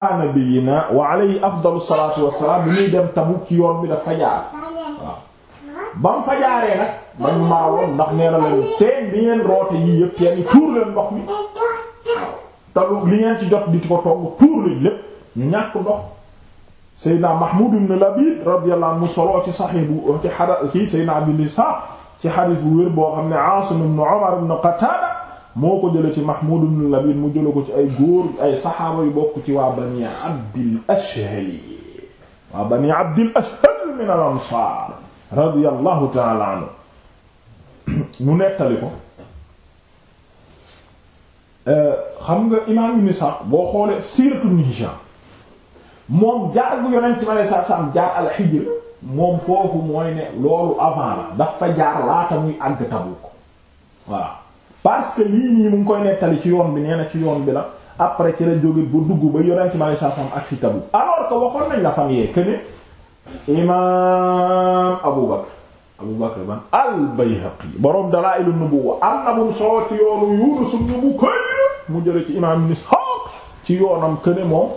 nabiyina wa alayhi afdalu salaatu wassalaam bi muy dem Tabuk ci yoon bi dafa jaar waaw ba mu fa jaaree nag dañu maawoon ndax nee na teen bi ngeen roote yii yëpp teen yi tuur leen ndox mi li ngeen ci jot di ci ko togg tuur leen lépp ñu ñàkk ndox Seydina Mahmoud Labid radiyallahu anhu soloo ci saxix bu ci xada ci Seydina Abi Isa ci xadis bu wér boo xam ne Asim ibn Umar ibn Qatada moo ko jële ci Mahmud ibn Labid mu jële ko ci ay góor ay saxaaba yu bokk ci waa bani Abdil Ashhal waa bani Abdil Ashhal min al ansaar radiyallahu ta'ala anhu mu nettali ko xam nga imaam Ibn Sa'd boo xoolee siiratu Ibn Hisham moom jaar bu yonent bi alayhi jaar al moom foofu mooy ne loolu avant la dafa jaar laata muy àgg Tabuk voilà parce que lii nii mu ngi koy nettali ci yoon bi nee na ci yoon bi la après ci la jóge bu dugg ba yonent bi saa ak si tabu alors que waxoon nañ la fan yee que ne imaam Abu Bakr Abu ban al-Bayhaqi borom Dalaa'ilun Nubuwwa am na bu ci yoonu Yunus ibn Bukayr mu jële ci imaam Ibn Ishaq ci yoonam que ne moom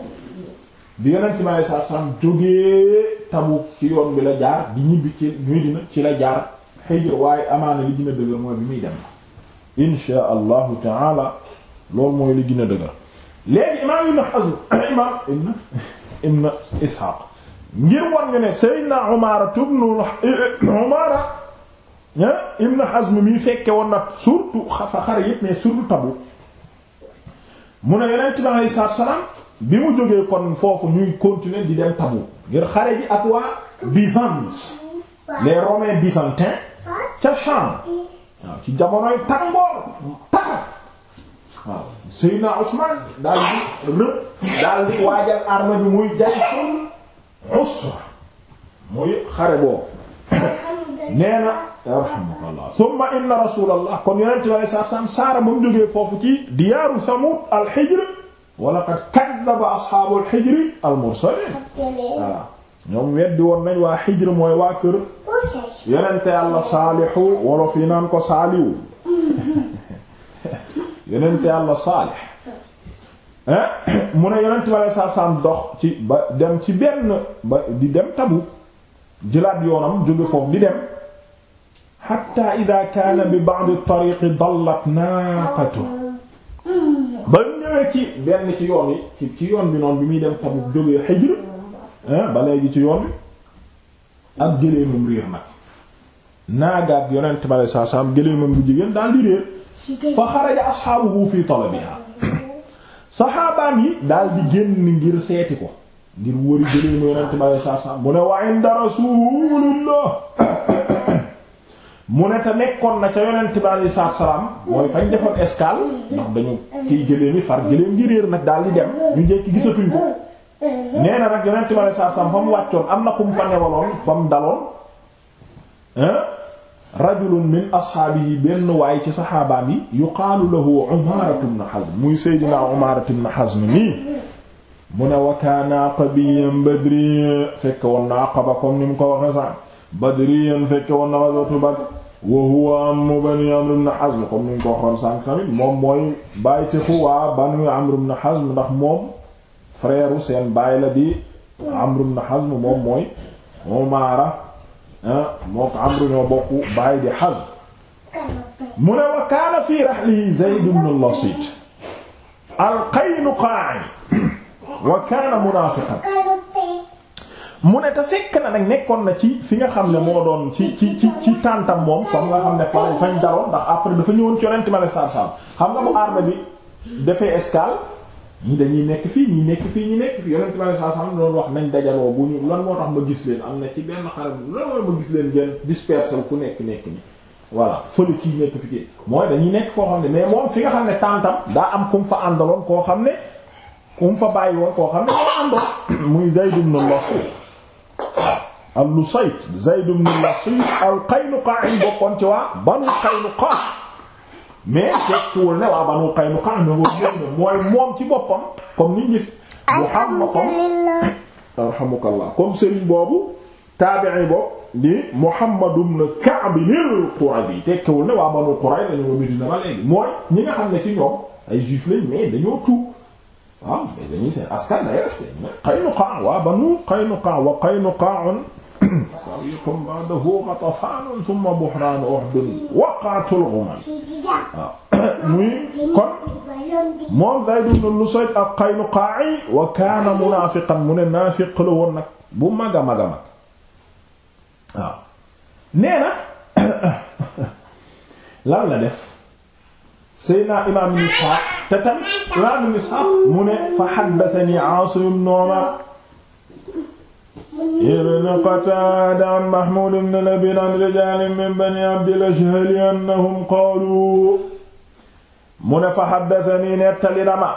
bi yonent bi saa jógee tabu ci yoon bi la jaar bi ñibbi ci Medina ci la jaar Hijr waaye amaana li dina dëgër mooy bi muy dem. insha allahu taala loolu mooy li gën a dëgër léegi imaam ibn Hazm imaam ibn Ishaq ngir war ne Seydina Umaara tubnu Umaara ah, ibn Hazm mi fekke woon nag surtout xare yépp mais surtout Tabuk mu ne Yonent bi alayhi bi mu jógee kon foofu muy continuer di dem Tabuk ngir xare ji ak Byzance les romains byzantins ca Cham waaw ci jamonoy tàngoor tar waaw Seydina Usman daal di rë daal di waajal arme bi muy jayshul usra muy xare boobu nee na yarhamukallah thumma inna rasulallah kon yonent bi alei satu selaam saara ba mu jógee foofu ci diyaaru Samud al-Hijr wa laqad kadhaba ashaabul Hijr al-mursalin waaw ñoom weddi woon nañ waa Hijr mooy waa kër yonente yàlla saalihu wolof yi naan ko saaliwu yonente yàlla saalih eh? mu ne yonente bi aleyhi salaatu dox ci ba dem ci benn di dem tabu jëlaat yoonam jóge foofu di dem xatta ida kaana bi ba'di tariqi dallat naaqatu ba ñëwee ci benn ci yoon yi ci yoon bi noonu bi muy dem tabu jógee Hijr eh? ba léegi ci yoon ak gëléemam réer nag naagaat yonent bi alei sat salaam gëléemam bu jigéen daal di réer fa xaraja asxaabuhu fi talabiha saxaabaan yi daal di génn ngir seeti ko ngir wëri gëléemu yonent bi alei sat mu ne te nekkoon na ca yonent bi alei sat salaam mooy fañ defoon escale ndax dañu kiy gëléem yi far gëléem gi réer nag daal di dem ñu jekki gisatuñ ko Uh-huh. nee na nag saa sam fa mu wàccoon am na ku mu fa newaloon fa mu daloon eh, rajulun min ashaabihi benn waay ci saxaabaam yi yuqaalu lahu Umaaratu ibn Hazm muy Seydina Umaaratu ibn Hazm nii mu ne wa kaana aqabiyyan badriyan fekk woon na Aqaba ni mu ko waxe sax badriyan fekk woon na ghazwatu Badr wa huwa bani Amr ibn Hazm comme ni mu ko waxoon sànq tamit moom mooy bàyyi ci waa banu Amr ibn Hazm ndax moom frère seen baay la di Amr ibn Hazm moom mooy Umaara ah, moo ko Amr ñoo bokk baay di Hazm mu ne wa kaana fii rahlihi Zayd ibn al-Lasit al-Qaynuqaa'i mu ne te fekk na nag nekkoon na ci fi nga xam ne moo doon ci ci ci ci tàntam moom comme nga xam ne fa fañ daroon ndax après dafa xam nga bi defee escale ñii dañuy nekk fii ñii nekk fii ñii nekk fii yonent bi saa saa doon wax nañ dajaloo bu ñu lan moo tax ma gis leen am na ci benn xaram lan moo ma gis leen ngeen dispersé ku nekk nekk ni voilà fële kii nekk fi kii mooy dañuy nekk koo xam ne mais moom fi nga xam ne tantam daa am ku fa àndaloon koo xam ne ku fa bàyyi woon koo xam ne moo àndoon muy Zayd ibn Lakhit al-Lusayt Zayd ibn Lakhit al-Qaynuqa'i bokkoon ci waa Banu Qaynuqa mais tekkiwul ne waa Banu Qaynuqa na nga moom mooy moom ci boppam comme ni gis bu xam ma comme arhamukallah comme sëriñ boobu taabi'i boobu di Muhammad ibn Ka'b al-Quradi tekkiwul ne waa Banu Qurayza dañu ma Medina ba léegi mooy ñi nga xam ne ci ñoom ay juif lañ mais dañoo tuub waaw ah, mais dañuy seen askan la yàlla seen Qaynuqa waa Banu Qaynuqa wa Qaynuqa'un sariyatun ba'dahu Ghatafaan thumma buhraanu Uhud waqa'atul ghamam waaw muy kon moom Zayd ibn Lusayt al-Qaynuqaa'i wa kaana munaafiqan mu ne naafiq la woon nag bu mag a mag ah. a mag waaw ah. nee la def Seydina Imaam Ibn Isxaaq te tamit Imaam Ibn Isxaaq fa haddathanii Aasim ibn Umar ibn a an Mahmuud ibn Labiid an rijaalin min banii Abdil Ashhali annahum qaalu mu ne fa haddathanii nettali dama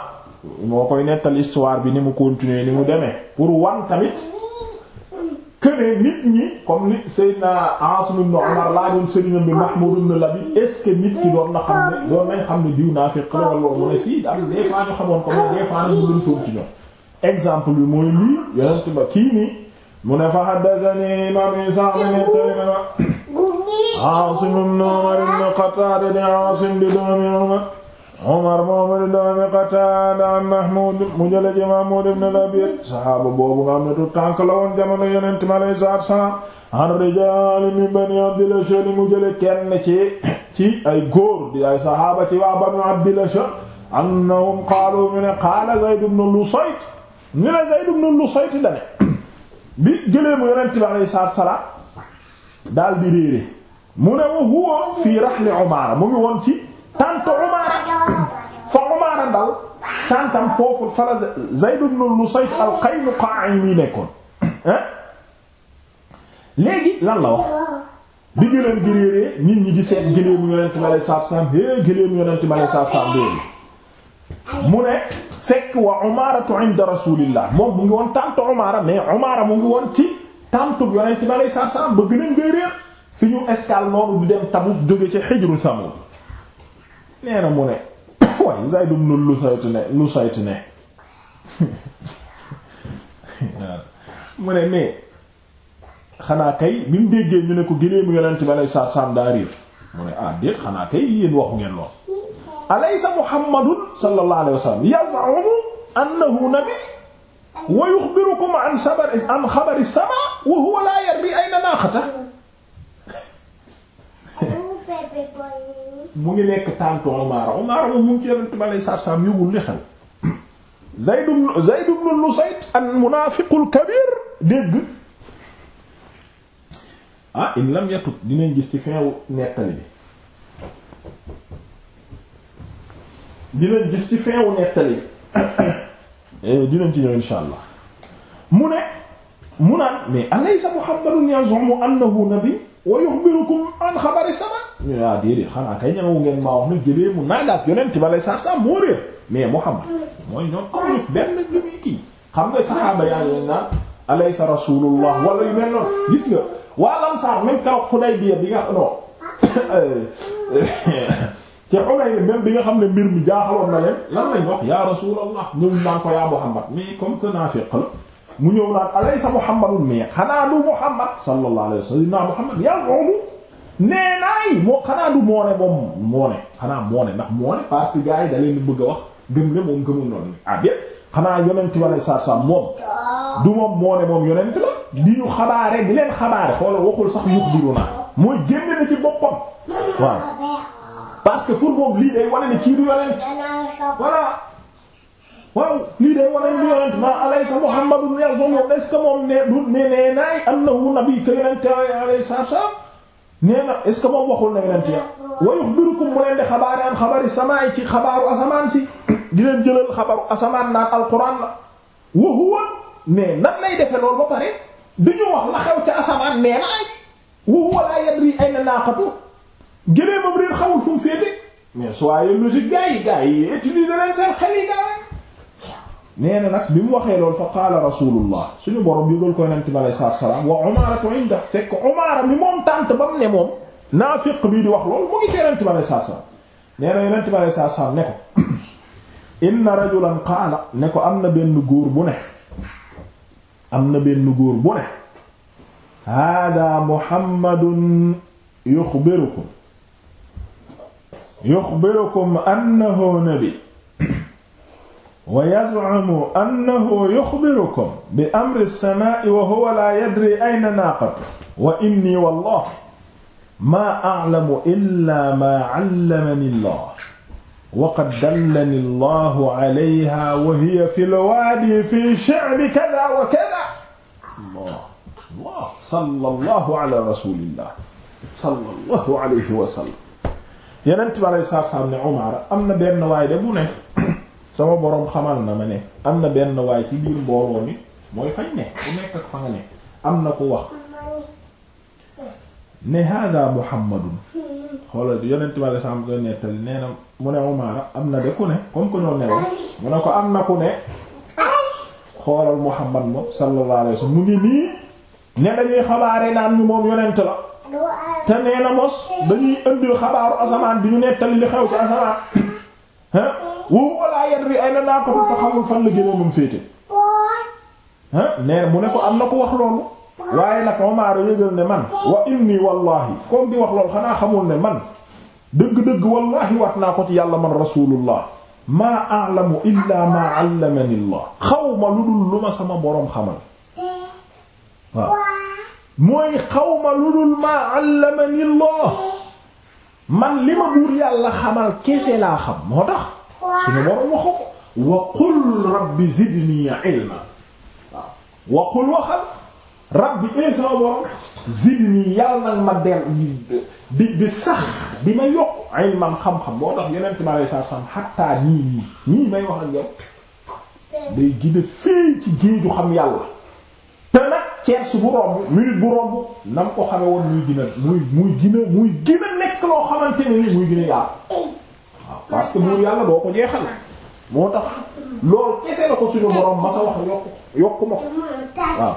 moo koy nettali histoire bi ni mu continuer ni mu demee pour wan tamit kënee nit ñi comme ni Seydina Aasim ibn Umar laajoon sëriñam bi Mahmuud ibn Labiid est-ce que nit ki doon na xam ne doon nañ kii nii mu ne fa haddathani imam Ishaq ibn Aasim ibn Umar ibn Qataada di Aasim di doomi Umar moom di doomi Qataada an Mahmuud mu jële ci Mahmuud ibn Labiid saxaaba boobu nga xam ne tout tànk la woon jamono Yonent mi alayhi salaatu wa salaam an rijaal min bani Abdil Ashhal mu jële kenn ci ci ay góor di ay saxaaba ci waa banu Abdil Ashhal annahum qaalu mu ne qaala Zayd ibn Lusayt mu ne Zayd ibn Lusayt dane bi gëléemu yonent bi alayhi salaatu wa salaam daal di réere mu ne wa huwa fii rahli Umaara mu ngi woon ci tànt Umaara fa Umaara dal tàntam foofu fala Zayd ibn Lusayt al-Qaynuqaa'i mi nekkoon léegi lan la wax bi gëléem gi réeree nit ñi di seet gëléemu yonent bi alayhi salaatu wa salaam é gëléemu yonent bi alayhi salaatu wa mu ne fekk wa umaratu inda rasulillah moom mu ngi woon tànt umara mais umara mu ngi woon ci tàntu yonent bi alei satu salaam ba gën réer fi ñu escale noonu di dem Tabuk jóge ci xijru Samud nee na mu ne waaye Zayd ibn Lusayt ne Lusayt ne mu xanaa kay bi mu déggee ñu ne ko gënee mu yonent bi alei satu daa réer mu ne ah xanaa kay yéen waxu ngeen lool alaysa muhammadun sallallahu alayhi wa sallam yaz'umu annahu nabi wa yukhbirukum an sabar an xabari sama wa huwa la yarri ayna naqata mu ngi nekk tàntu Umaara Umaara mu ngi ci Yonent bi alayhi salaatu wa salaam yëgul li xew Zayd Zayd ibn Lusayt al-munaafiqul kabiir dégg ah in lam yatub dinañ gis ci fin nettali bi dinañ gis ci feewu nettali eh, dinañ ci ñëw insha allah mu ne mu naan mais alaysa muhammadun yazumu annahu nabi wa yukhbirukum an xabari sama ñu ne ah déedéet xanaa kay ñemewu ngeen maa wax na jëlee mu naagaat yonent ba saa saa moo réer mais muhammad mooy xam nga saxaaba yaa ngi naan alaysa rasulullah wala yu mel noonu gis nga waa lamsaar même kaw Hudaybiya bi nga non eh, eh, ci Hunayn bi nga xam ne mbir mi jaaxaloon na leen lan lañ wax ya Rasulullah ñëw naan ko ya Muhammad mu ñëw naan alaysa Muhammadun mais xanaa du wa sallam naa Muhammad yàlla xanaa du moo ne moom moo ne xanaa moo ndax moo ne parce que gars da bëgg a wax gëm ne moom gëmul noonu ah bien xanaa yonent wala saa saa moom moo ne moom yonent la di ñu xabaare di leen xabaare xoolal waxul sax yuxbiruna mooy génne na ci boppam waaw. parce que pour moom lii day wane ni kii du yonent voilà waaw lii ni du yonent ma alaysa Muhammadun yazum est-ce que moom nee du nee naay salaam nee na est-ce que moom waxul na yonent ya wa huwa mais defe loolu ba pare dañu wax la xew ca asamaan nee wa huwa la yadri ayna naqatu gëlee moom réer xamul fu mu féete mais soyez logique gars yi gars yi utiliser leen seen xel yi daal nee na nag bi mu waxee loolu fa qaala rasulullah suñu borom yëgal ko yonent bi alayhi salaatu wa salaam wa Umaara ko inda fekk Umaara mi moom tànt ba ne moom naafiq bii di wax loolu mu ngi ci yonent bi salaam nee na ne ko rajulan qaala ne am na benn góor bu am na benn góor bu ne hada Muhammadun yuxbirukum yuxbirukum annahu nabi wa yaz'amu annahu yuxbirukum bi amri as-samaa'i wa huwa laa yadri ayna naaqatu wa inni wallahi maa a'lamu illaa maa 'allamani Allah wa qad dallani Allahu 'alayhaa wa hiya fil waadi fii sha'bi kadhaa wa kadhaa Allah Allah sallallahu 'alaa rasuulillah sallallahu 'alayhi wa sallam yenent bi alei saatu salaam ne Umar am na benn waay de mu ne sama boroom xamal na ma ne am na benn waay ci biir mbooloo mi mooy fay ne ku nekk ak fa nga ne am na ku wax ne hada Muhammadun xoolal yonent bi alei salaam koy nettali nee na mu ne Umar am na de ku ne comme que ñoo newoon mu ne ko am na ku ne xoolal Muhammad moom sallallahu alayhi wasallam mu ngi nii ne dañuy xabaare naan mi moom yonent la te nee na mos dañuy indil xabaaru asamaan bi ñu nettali li xew ci asamaan ah wóobu wala yadri ayna naqatu te xamul fan la gëléemam féete ah nee na mu ne ko am na ko wax loolu waaye nag Umar yëgal ne man wa inni wallahi comme di wax loolu xanaa xamul ne man dëgg-dëgg wallahi wat naa ko ci yàlla man rasulullah maa a'lamu illa maa 'allamani Allah xawma lu dul lu ma sama boroom xamal waaw mooy xawma lu dul maa allamani Allah man li ma buur yàlla xamal kese laa xam moo tax suñu borom waxu ko wa qul rabbi zidni ilma waaw wa qul waxal rabbi ee eh, sama borom zidni yàlla nag ma del di di sax di ma yokk ilman xam-xam moo tax yeneen ma lay sax sam xattaa nii nii nii may wax ak yow day gide fii ci géeju xam yàlla tiers bu romb minute bu romb na ko xame woon muy gën muy muy muy gën nekk loo xamante ne ni muy gën yaatu waaw parce que buur yàlla doo ko jeexal moo tax loolu kese la ko suñu borom masa wax yokku ma ko waaw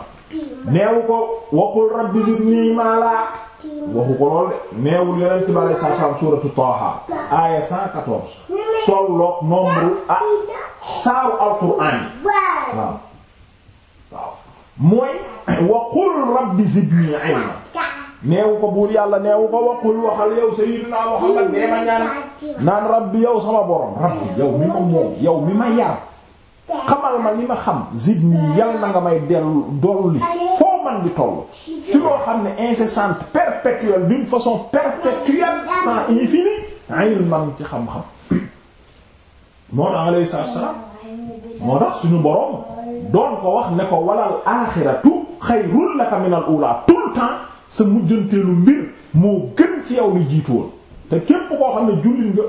neewu ko waxul rabbi zidni mala waxu ko lool de neewul yeneen ci bale sa sam suratu Taha aya 114 tolloog nombre ah saaru alquran waaw mooy waqul rabbi zidni ilma neewu ko buur yàlla neewu ko waqul waxal yow sayyidina Muhammad nee ma ñaan naan rabbi yow sama borom rabbi yow mi ma moom yow mi ma yar xamal ma li ma xam zidni yal na nga may dellu dolli foo man di toll ci loo xam ne incessante perpétuelle d'une façon perpétuelle sans infini ilman ci xam-xam moo tax alayhi salaam moo tax suñu borom doon ko wax ne ko walal aaxiratu xayrul laka minal ula tout le temps sa mujjanteelu mbir moo gën ci yow lu jiitu woon te képp koo xam ne jullit nga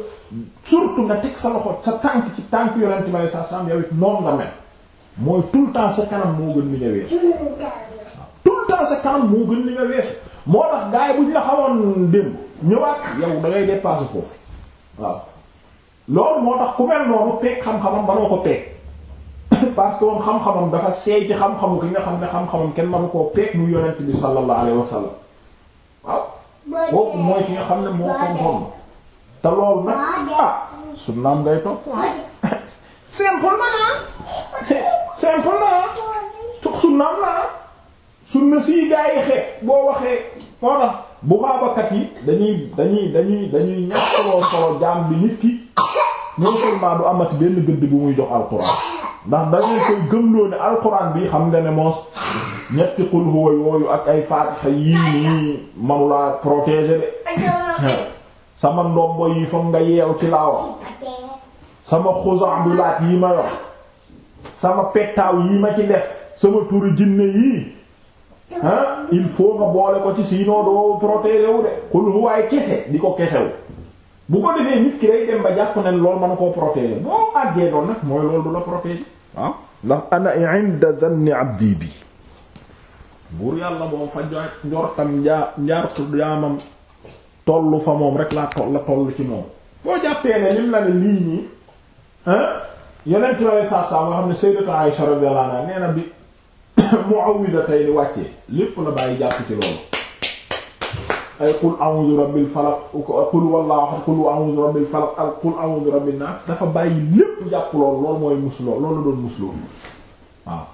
surtout nga teg sa loxo sa tànk ci tànk yonent bi sallallahu alayhi wasallam yow it noonu nga mel mooy tout temps sa kanam moo gën li nga weesu moo gën li nga weesu moo tax gars bu ñu la xamoon démb ñëwaat yow da ngay dépasser foofu waaw loolu moo tax ku mel noonu peeg xam-xamam baloo ko peeg parce que moom xam-xamam dafa seey ci xam-xamu ki nga xam ne xam-xamam kenn manu koo peeg mu yonent bi sallallahu alayhi wa xam ne moo ko te ah, waxee moo tax bu yi dañuy dañuy dañuy dañuy ñàkk du amati benn gëdd bu muy jox alxuraan ndax dañuy koy gëmloo ne alxuraan bi xam nga ne moos ñetti xul yooyu ak ay faatixa yii nii manula protéger de sama ndombo yi foog nga yeew ci laa wax sama xusaandulaat yi ma yor sama pettaaw yi ma ci def sama turi jinne yii ah il faut nga boole ko ci sinon doo protéger wu de xul kese di ko kesew bu ko defee nit ki day dem ba jàpp ne loolu mën koo protéger boo àggee doon nag mooy loolu du la protéger waaw ndax ana inda dhanni abdi bi buur yàlla moom fa njortam njaa njaartu jaamam tollu fa moom rek laa toll la ci moom boo jàppee ne lim la ne lii nii yeneen clore saab saab nga xam ne sayyidatu Aisha radiyallahu anha nee na bi mu'awwidatayni wàccee lépp la bàyyi jàpp ci loolu ay qul a'udhu rabbil falaq qul wallahu ahad qul a'udhu rabbil falaq ak qul a'udhu rabbin nas dafa bàyyi lépp jàpp lool lool mooy musloo loolu la doon musloo waaw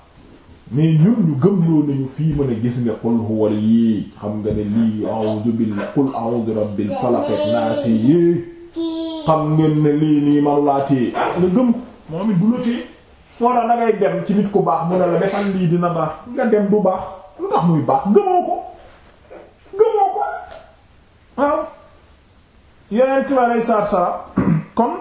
mais ñun fii mën gis nga qul huwa yii xam nga ne lii a'udhu billahi qul a'udhu rabbil falaq nas yii xam ngeen ne lii nii manulaatee ah, nga gëm ko moom it du la téye moo tax da dem ci nit ku baax mu ne la defal lii dina baax nga dem du baax lu tax muy baax gëmoo ko waaw yonent bi aleyhi kon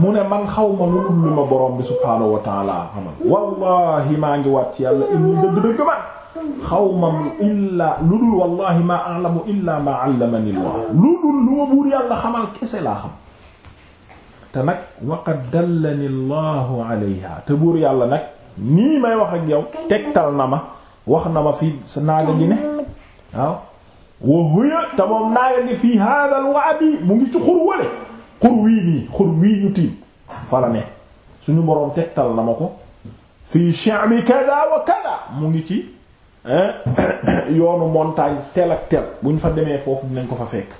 mu ne man xaw ma lu dul ma borom bi subhaanahu wa xamal wallahi maa ngi wat ci yàlla inni dëgg-dëgg man xaw ma illaa lu dul wallahi maa a'lamu illaa maa 'allamani Allah lu dul lu ma buur yàlla xamal kese laa xam te nag waqad dallani Allahu alayha te buur yàlla nag nii may wax ak yow tegtal na ma wax na ma fii sa naaga ji ne waaw wa huya te moom naaga ngi fii hadal waadi mu ngi ci xur wale tiim fala ne suñu boroom tegtal na ma ko fii sha'mi kada wa kada mu ngi ci yoonu montagne tel ak tel buñ fa demee foofu dinañ ko fa fekk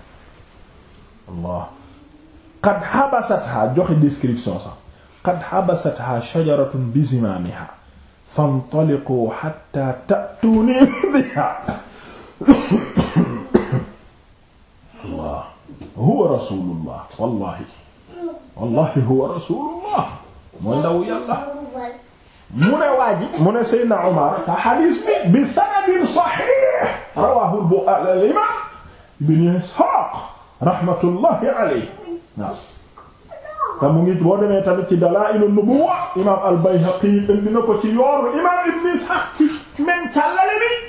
qad habasatha joxe description qad habasatha shajaratun bi zimaamiha fantaliqu hatta ta'tuni biha allah huwa rasulullah wallahi wallahi huwa rasulullah mooy ndaw yàlla mu ne waaji mu ne seydna omar te xadiis bi bi sanadin saxiix rawahu al-imaam ibn isxaaq rahmatullahi alayhi waaw te mu ngi boo demee tamit ci dalaa'il an-nubuwwa imaam al-bayhaqi indi na ko ci yoonu imaam ibn isxaaq ci men càllale bi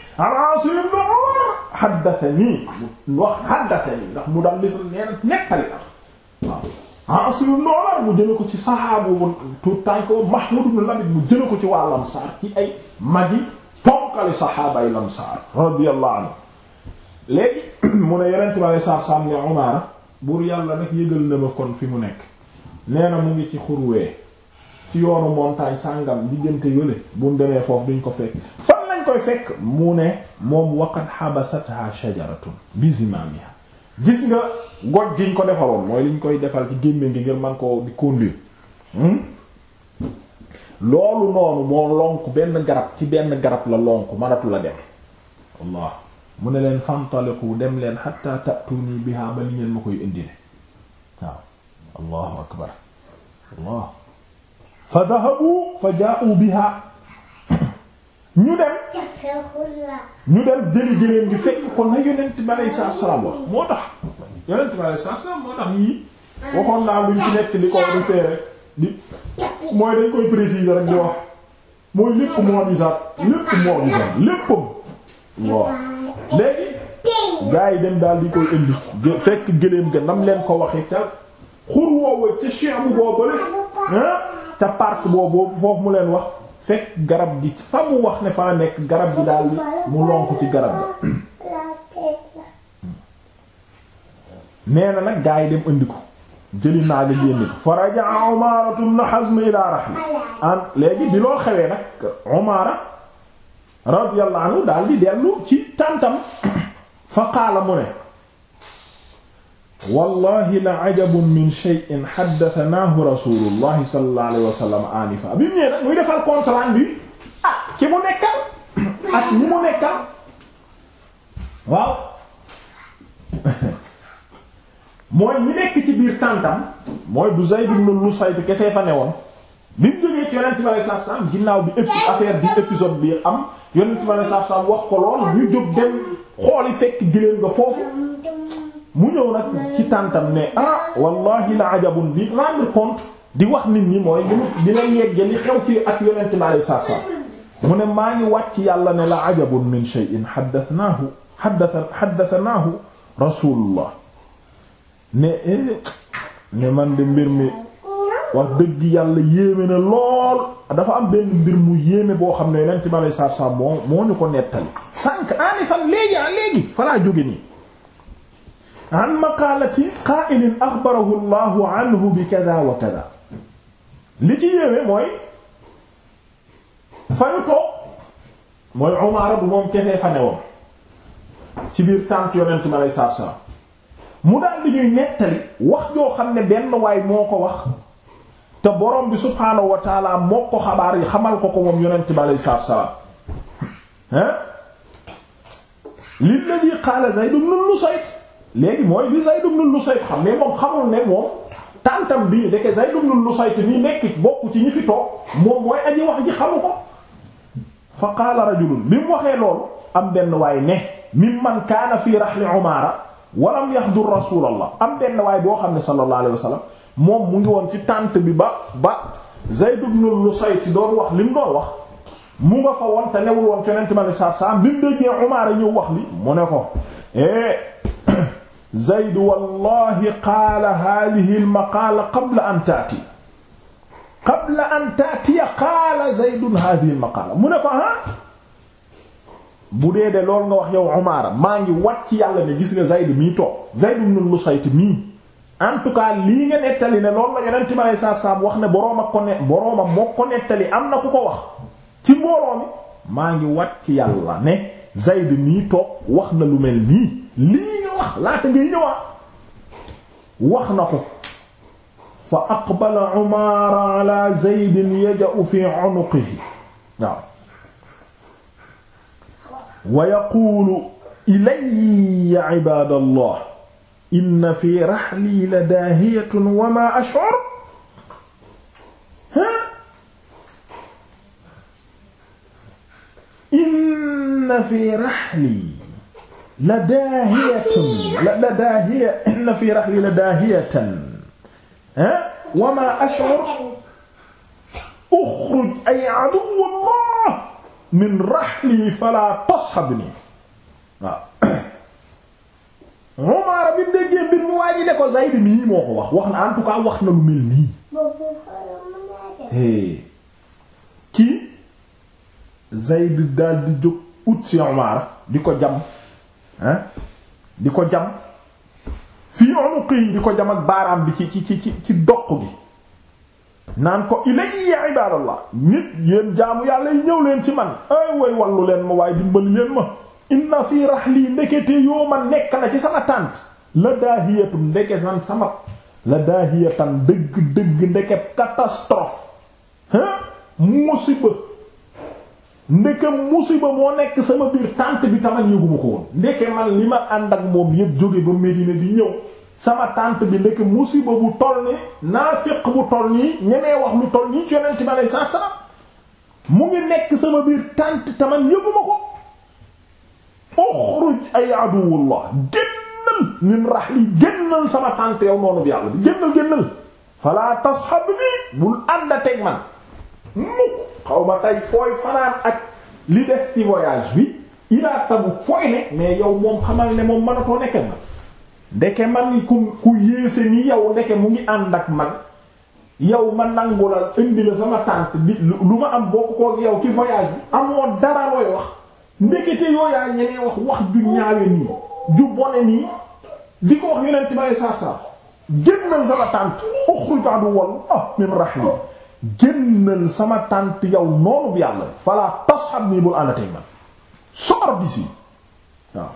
xaddathani mu wax xaddathani ndax mu dal lis nee na nettali la waaw Asim mu jële ko ci saxaabu tu tout temps ko Mahmud ibn Labid mu jële ko ci waa Lamsaar ci ay magi ponkali saxaaba ay Lamsaar radiyallahu anhu léegi mu ne yonent bi alayhi salaatu salaam ne Umaara buur yàlla nag yëgal na kon fi mu nekk nee mu ngi ci xurwee ci yoonu montagne sàngam diggante yële bu mu demee foofu duñ ko fekk ngeen koy fekk mu ne moom waqat xabasatha shajaratun bi zimaamiha gis nga goj giñ ko defaloon mooy liñ koy defal ci gémmiñ di conduire hmm? loolu noonu moo lonk benn garab ci benn garab la lonk manatu la dem allah mu ne leen fantaliku dem leen hatta tatuni biha ba li ma koy indi waaw allahu akbar fa dahabu fa jaa'u biha ñu dem ñu dem jëli gëléem gi fekk ko na yonent bi aleyhi salaatu salaam wax moo tax yonent bi aleyhi salaatu salaam moo tax yii waxoon naa luñ ci nekk di ko référé di mooy dañ koy préciser rek di wax mooy lépp mu'jizaat lépp mu'jizaat léppam waaw léegi gaa yi dem daal di koy indi fekk gëléem ga nam leen ko waxee ca xur woowa ca chien bu boobu ca parc boobu foofu mu leen wax fekk garab gi fa mu wax ne fa nekk garab gi daal mu lonk ci garab ga nee na nag gaa yi dem indi ko jëli naa nga génne ko fa rajaa Umaaratu ibn Hazm ilaa rahli an léegi bi loo xewee nag Umaara radiyallahu anhu daal di dellu ci tàntam fa qaala mu ne wallahi la ajabun min shay'in haddathanaahu rasulullahi sallallahu alayhi wa anifa bi mi ñëwee nag muy defal compte rendu bi ah mu nekkal ak ñi mu waaw mooy ñi nekk ci biir tàntam mooy bu Zayd ibn Lusayt kese fa ne woon bi mu jógee ci yonent bi sallallahu alayhi wa sallam ginnaaw bi ëpp affaire bi épisode bi am yonent bi sallallahu dem xooli fekk giléen nga foofu mu ñëw nag ci tàntam ne ah wallahi la ajabun di rendre compte di wax nit ñi mooy li mu di leen yegge li xew ci ak yonent bi alei satu mu ne maa ngi wàcc yàlla ne la ajabun min shay'in haddathnaahu haddatha haddathanaahu rasulullah ne eh, ne man de mbir mi wax dëgg yàlla yéeme na lool dafa am benn mbir mu yéeme boo xam ne yonent bi alei satu salaam moo moo ñu ko nettali sànq aani fan léegi ah léegi falaa jóge nii an maqaalati qaa'ilin axbarahu llahu mooy fa ñu moom kese fa woon ci biir tànt yonent ma lay saab mu daal di ñuy nettali wax joo xam ne benn waay moo ko wax te boroom bi subhaanahu wa taala moo ko xabaar yi xamal ko ko moom yonent ma lay saab saab hein lilladi qaala Zayd ibn léegi mooy li Zayd ibn Lusayt xam ne moom xamul ne moom tàntam bii ndeke Zayd ibn Lusayt nii nekk bokk ci ñi fi toog moom mooy aji wax ji xamu ko fa qaala rajulun bi mu waxee loolu am benn waay ne man kaana fii rahli Umaara wa lam yahdur rasulallah am benn waay boo xam ne sallallahu alayhi wa sallam mu ngi woon ci tànt bi ba ba Zayd ibn Lusayt doon wax li mu doon wax mu nga fa woon te newul woon Yonent mi sallallahu alayhi wa sallam bi mu déggee Umaara ñëw wax li mu ne ko eh, Zayd wallahi qaala haadihi al-maqaala qabla an taati qabla an taatiya qaala Zaydun haadihi al-maqaala mu ne ko ah bu dee de lool nga wax yow Umaara maa ngi wat ci yàlla ne gis nga Zayd mii toog Zayd ibn Lusayt mii en tout cas lii nga nettali ne loolu la yeneen ci ma saab wax ne boroom ak ko ne boroomam moo ko nettali am na ku ko wax ci mbooloo mi maa ngi wat ci yàlla ne Zayd mii toog wax na lu mel nii lii. wax laata ngay ñëwaat wax na ko fa aqbala Umaara ala Zayd yaja'u fi unuqihi waaw wa yaquulu ilayya ibaadallah inna fi raxli la daahiyatun wa maa ash'ur inna fi raxli la daahiyatun la daahiya inna fi rahli la daahiyatan eh? wa ma ash'ur ukhruj ay aduwwu Allah min rahli fala tashabni waaw Umar bi déggee mbir mu waa ji ne ko Zayd mii moo ko wax wax na en tout cas wax na lu mel nii kii Zayd daal di jóg ut ci Umar di ko jam hein di ko jam fii unuqi di ko jam ak baaraam bi ci ci ci ci doq gi naan ko ilayya ibadallah nit yéen jaamu yàlla yi ñëw leen ci man ay way wallu leen ma waaye dimbali leen ma inna fii rahli ndekete yoo ma nekk na ci sama tànt la daahiyatun ndeke san sama la daahiyatan dëgg dëgg ndeke catastrophe hein musiba ndeke musiba moo nekk sama biir tànt bi tamal yëguma ko woon ndeke man li ma ànd ak moom yépp jóge ba Medina di ñëw sama tànt bi ndeke musiba bu toll ni naafiq bu toll nii ñemee wax lu ñu nii ci yonent ma lay saa mu ngi nekk sama biir tànt tamal yëguma ko uxruj ay aduwullah génnal min rahli génnal sama tànt yow noonu bi yàlla bi génnal génnal falaa tasxab bi bul ànd a teg man mukk xaw ma tey fooy fanaan ak li des ci voyage bi ilaa Tabuk fooy ne mais yow moom xamal ne moom mënatoo nekke man ndeke man ku ku yéese ni yow ndeke mu ngi ànd ak man yow ma nangu la indi la sama tànk bi lu ma am bokk koog yow ci voyage bi amoo dara looy wax ndekete yooyaa ñenee wax wax ju ñaawe nii ju bone nii di ko wax ñu leen ci bari saar saar génnal sama tànt uxruj aduwallah min rahim génnal sama tànt yow noonu bu yàlla fala tashab nii bul ànd soor bi si waaw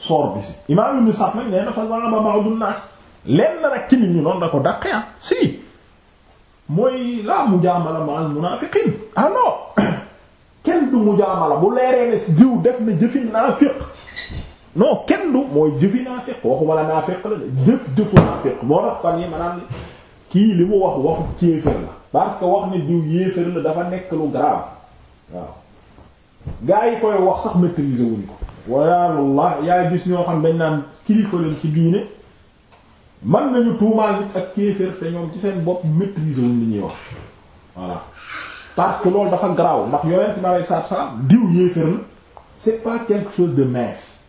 soor bi si imaam ibn Sa'd nag nee na fa zaba ba'du naas lenn nag ci nit ñu noonu da ko dàq ya ah, si mooy laa mujaamala ma'al munaafiqiin ah kenn du mujaamala bu leeree ne si diw def na jëfi naafiq non kenn du mooy jëfi naafiq waxuma la naafiq jëf jëfu naafiq moo tax fan yi maanaam kii li mu wax waxu kéefër la parce que wax ni diw yéefër la dafa nekk lu grave waaw gaa yi koy wax sax maîtriser wuñ ko wayalullah yaay gis ñoo xam dañ naan kilifa leen ci diine mën nañu tuumaal nit ak kéefër te ñoom ci seen bopp maîtriser wuñ li ñuy wax voilà parce que loolu dafa grave ndax yonent ma lay saat salam diw yéefër la c'est pas quelque chose de mince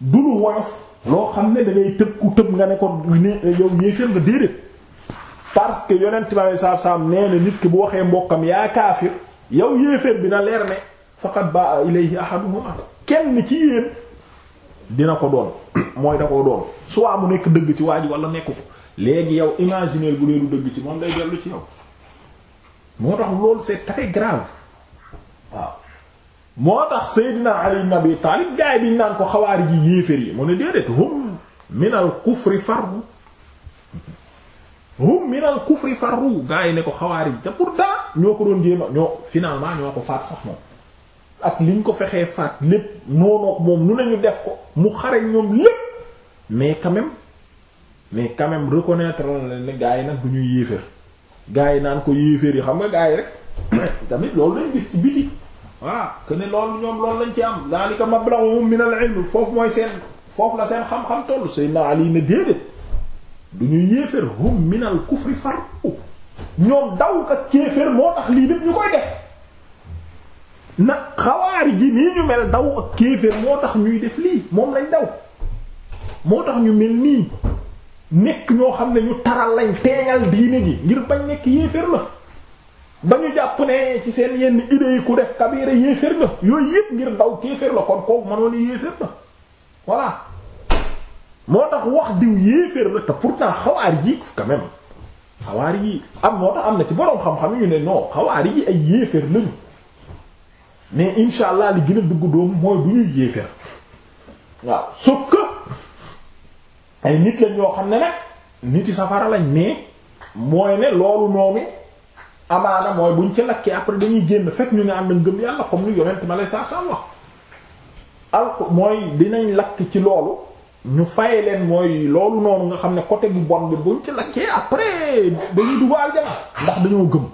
du lu woyof loo xam ne da ngay tëb ku tëb nga ne ko yow yéefër nga déedéet parce que yonent bi alei saatu salaam nee na nit ki bu waxee mbokkam yaa kaafir yow yéeféer bi na leer ne faqad baa ilayhi ahaduhuma kenn ci yéen dina ko doon mooy da doon soit mu nekk dëgg ci waa ji wala nekku ko léegi yow imaginer bu leenu dëgg ci moom day dellu ci yow moo tax loolu c'est très waaw moo tax Seydina Ali ibn Abi Talib gaay biñ naan ko xawaari ji yéeféer yi mu ne déedéet hum min kufri fardu hum minal kufri farru gaa yi ne ko xawaarij te pourtant ñoo ko doon jéema ñoo finalement ñoo ko faat sax moom ak liñ ko fexee faat lépp noonoog moom nu nañu def ko mu xare ñoom lépp mais quand même mais la ne gaa yi nag du ñuy yéeféer gaa yi naan ko yéeféer yi xam nga gaa yi rek tamit loolu lañ gis ci biti voilà que ne loolu ñoom loolu lañ ci am daalika mablaghuhum minal ilm foofu mooy seen foofu la seen xam-xam tollu Seydina Ali ne du ñu yéeféer hum minal kufri farru ñoom daw ak kéeféer moo tax lii lépp ñu koy def nag xawaari ji nii ñu mel daw kéeféer moo tax ñuy def lii moom lañ daw moo tax ñu mel nii nekk ñoo xam ne ñu taral lañ teeñal diine ji ngir bañ nekk yéeféer la ba ñu jàpp ne ci seen yenn idées yi ku def kabira yéeféer la yooyu yépp ngir daw kéeféer la kon kooku mënoon yéeféer la voilà moo tax wax diw yéeféer la te pourtant xawaar yi quand même xawaar yi am moo tax am na ci boroom xam-xam ñu ne non xawaar yi ay yéeféer lañu mais insha allah li gën a dugg doom mooy du ñuy yéeféer waaw sauf que ay nit lañ yoo xam ne nag niti safara lañ mais mooy ne loolu noonu amaana mooy buñ ci lakkee après dañuy génn fekk ñu nga ànd ngëm yàlla comme ni yonent ma lay saa saa wax al mooy dinañ lakk ci loolu ñu faye leen mooy loolu noonu nga xam ne côté bu bon bi buñ ci lakkee après dañuy dugg aljana ndax dañoo gëm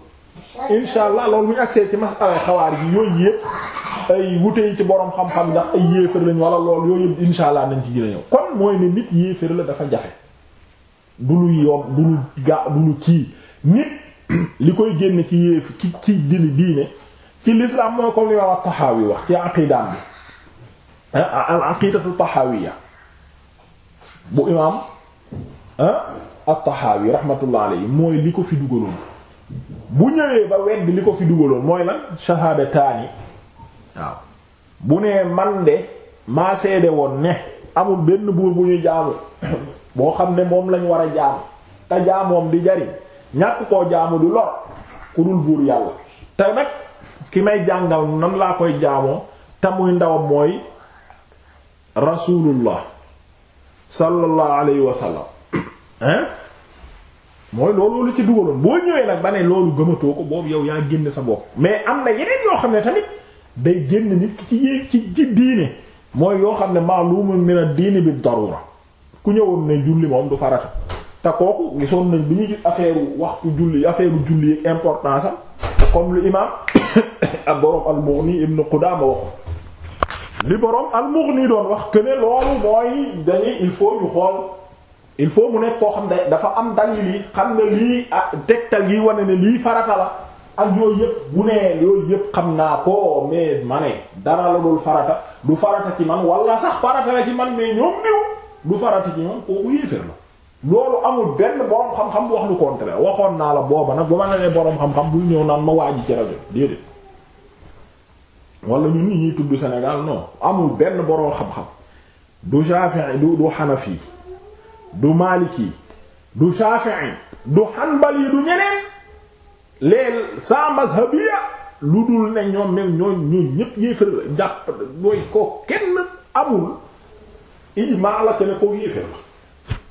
insha allah loolu bu ñu agsee ci masala xawaar yi yooyu yëpp ay wute ci borom xam-xam ndax ay yéefar lañ wala lool yooyu yëpp insha allah nañ ci gën a ñëw kon mooy ne nit yéefar la dafa jafe du lu yom du lu ga du lu kii nit li koy génn ci yéef ci ci dili diine ci l'islam mooy comme li wax Tahawi wax ci aqidaam bi ah, al aqidatu tahawiyya bu imaam at-Tahawi rahmatullah alayhi mooy li ko fi dugaloon bu ñëwee ba wedd li ko fi dugaloon mooy lan shahaadataani waaw bu nee man de maa seede woon ne amul benn buur bu ñuy jaamu boo xam ne moom lañu war a jaamu te jaamoom di jariñ ñàkk koo jaamu di lor ku dul buur yàlla te nag ki may jàngal nan laa koy jaamoo te muy ndawam mooy rasulullah sallallahu alayhi wa sallam mooy loolu lu ci dugaloon boo ñëwee nag ba ne loolu gëmatoo ko boobu yow yaa génn sa bopp mais am na yeneen yoo xam ne tamit day génn nit ki ci yéeg ci mooy yoo xam ne ma'lumun min ad-diini bi darura ku ñëwoon ne julli moom du farata te kooku gisoon nañ bi ñuy gis affaire waxtu julli affaire julli yeeg importance am comme lu imaam ak boroom al-Mughni ibn Qudaama waxoon li borom al-Mughni doon wax que ne loolu mooy dañuy il faut ñu xool il faut mu nekk koo xam ne dafa am dalil yi xam ne lii ah tegtal gi wane ne lii farata la ak yooyu yëpp bu nee yooyu yëpp xam naa ko mais ma ne dara la dul farata du farata ci man wala sax farata la ci man mais ñoom néew du farata ci man kooku yéefér la loolu amul benn borom xam-xam bu wax lu contraire waxoon naa la booba nag bu ma nee borom xam-xam bu ñëw naan ma waaj ci rajo wala ñu nit ñuy tudd Sénégal non amul benn boroom xam-xam du Shafi'i du du Hanafi du Maliki du Shafi'i du Hanbali du ñeneen les sa mazhabiya lu dul ne ñoom même ñoo ñëpp ñépp yéefar la jàpp mooy ko kenn amul ijmaa la que ne ko yéefar la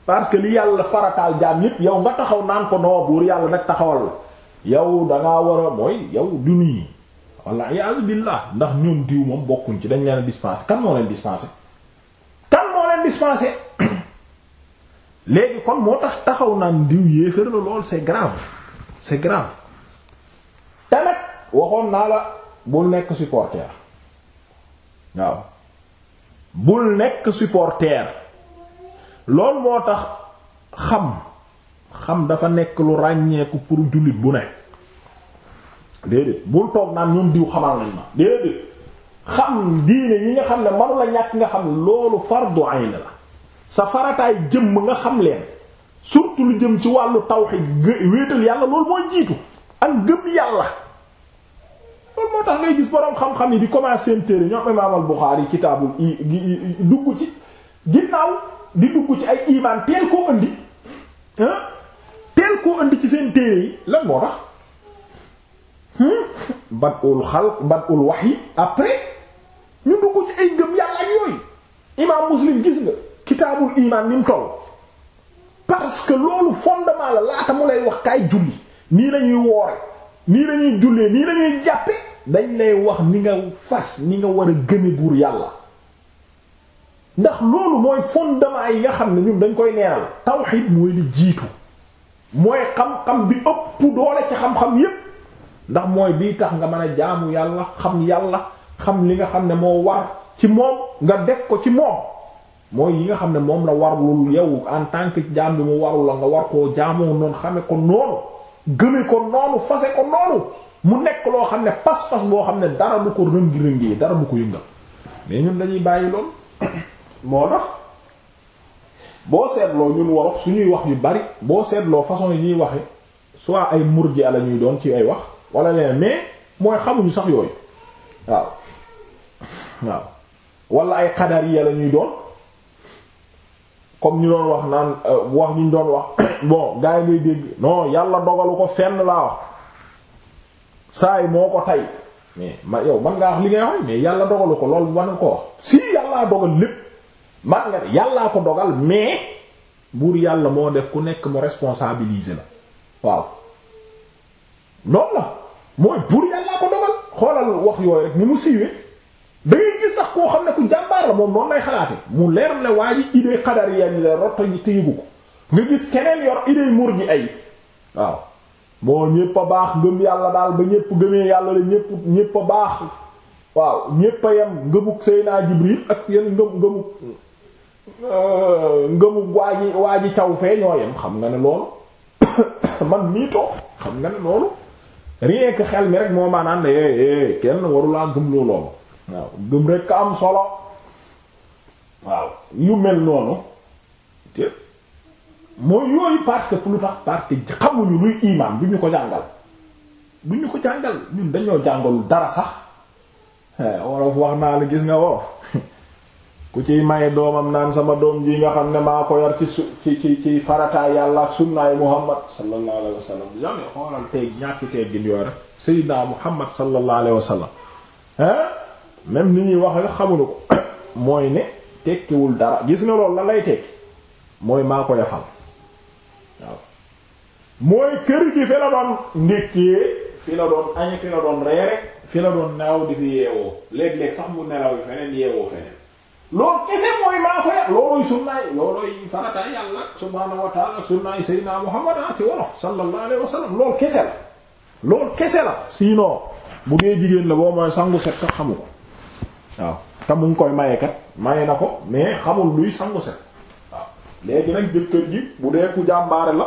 parce que li yàlla farataal jaam yépp yow nga taxaw naan ko noo buur yàlla nag taxawal la yow dangaa war a mooy yow du nii walla iyaazu billah ndax ñoom diw moom bokkuñ ci dañ leen dispensé kan moo leen dispensé kan moo leen dispensé léegi kon moo tax taxaw naan diw yéefér la lool c'est grave c'est grave te nag waxoon naa la bul nekk supporter waaw nekk supporter loolu moo tax xam xam dafa nekk lu ràññeeku pour jullit bu ne déedéet bul toog naa ñoom diw xamal nañ ma déedéet xam diine yi nga xam ne manu la ñàkk nga xam loolu fardu ayn la sa farataay jëmm nga xam leen surtout lu jëm ci wàllu tawhid wéetal yàlla loolu mooy jiitu ak gëm yàlla loolu moo tax ngay gis boroom xam-xam yi di commencer seen téere ñoom imaam al Buxaari kitaabul dugg ci ginnaaw di dugg ci ay iman teel koo indi teel koo indi ci seen téere yi lan moo tax Hmm? badul xalq badul wahyi après ñu dugg ci ay gëm yàlla ak yooyu imaam muslim gis nga kitaabul imaan ni toll parce que loolu fondement la laata mu lay wax kaay julli nii lañuy woore nii lañuy jullee nii lañuy jàppe dañ lay wax ni nga fas ni nga war a gëme buur yàlla ndax loolu mooy fondement yi nga xam ne ñun dañ koy neeral tawxiid mooy li jiitu mooy xam-xam bi ëpp doole ci xam-xam yépp ndax mooy bii tax nga mën a jaamu yàlla xam yàlla xam li nga xam ne moo war ci moom nga def ko ci moom mooy yi nga xam ne moom la warlul yow en tant jaam bi mu waru la nga war koo jaamoo noonu xame ko noonu gëme ko noonu fase ko noonu mu nekk loo xam ne pas-pas boo xam ne dara bu ko rëngi-rëngee dara bu ko yëngal mais ñun dañuy bàyyi lool moo tax boo seetloo ñun wolof suñuy wax yu bari boo seetloo façon yi ñuy waxe soit ay murji la ñuy doon ci ay wax wala leen mais mooy xamuñu sax yooyu waaw waaw wala ay xadariya la ñuy doon comme ñu doon wax naan euh, wax ñu doon wax bon gaa yi ngay dégg non yàlla dogalu ko fenn laa wax saa yi moo ko tey mais ma yow man ngaa wax li ngay wax mais yàlla dogalu ko loolu war na ko wax si yàllaa dogal lépp man nga yàllaa ko dogal mais buur yàlla moo def ku nekk mu responsabiliser la waaw loolu la mooy buur yàllaa ko dogal xoolal wax yooyu rek ni mu siiwee da gis sax koo xam ne ku jàmbaar la moom noonu lay xalaate mu leer ne waa ji idée qadariya yi la rotta ñi téygu ko nga gis keneen yor idée murji ay waaw moo ñépp a baax ngëm yàlla daal ba ñépp gëmee yàlla la ñépp ñépp a baax waaw ñépp a yem ngëmug Seydina Jibril ak yenn ngëm ngëmug euh, ngëmug waa ji waa ji caw fee ñoo yem xam nga ne loolu man mii toog xam nga ne loolu rien xel mi rek moo maanaan ne eh, eh, kenn warulaa gëm loolu waaw gëm rek am solo waaw yu mel noonu te mooy yooyu parce que lu tax parce que xamuñu luy iman du ñu ko jàngal du ñu ko jàngal ñun dañoo jàngalul dara sax eh, wolof wax naa la gis nga wolof ku ci maye doomam naan sama doom ji nga xam ne maa ko yar ci su ci ci farataay yàlla ak sunnaay muhammad sallallahu alayhi wa sallam jamais xoolal tey ñàkki teggin yoo rek sayyidina muhammad sallallahu alayhi hein même ni ñuy wax nga xamuñu ko mooy ne tekkiwul dara gis nga loolu la lay tekki mooy maa ko yafal waaw mooy kër gi fi la fi la doon añ fi la doon reere fi la doon nelaw di fi yeewoo léeg-léeg sax mu nelaw yi feneen yeewoo feneen loolu kese mooy maa ko yàq loolooy sunnaay loolooy farata yàlla subhaanahu wa taala sunnaay sayyidina Muhammad ah, ci wolof sallallahu alayhi wa kese la loolu bu dee jigéen la boo mooy sangu set sax xamu ko waaw te mu ngi koy maye maye na ko mais xamul luy sangu set léegi nag jëkkër ji bu dee ku jàmbaare la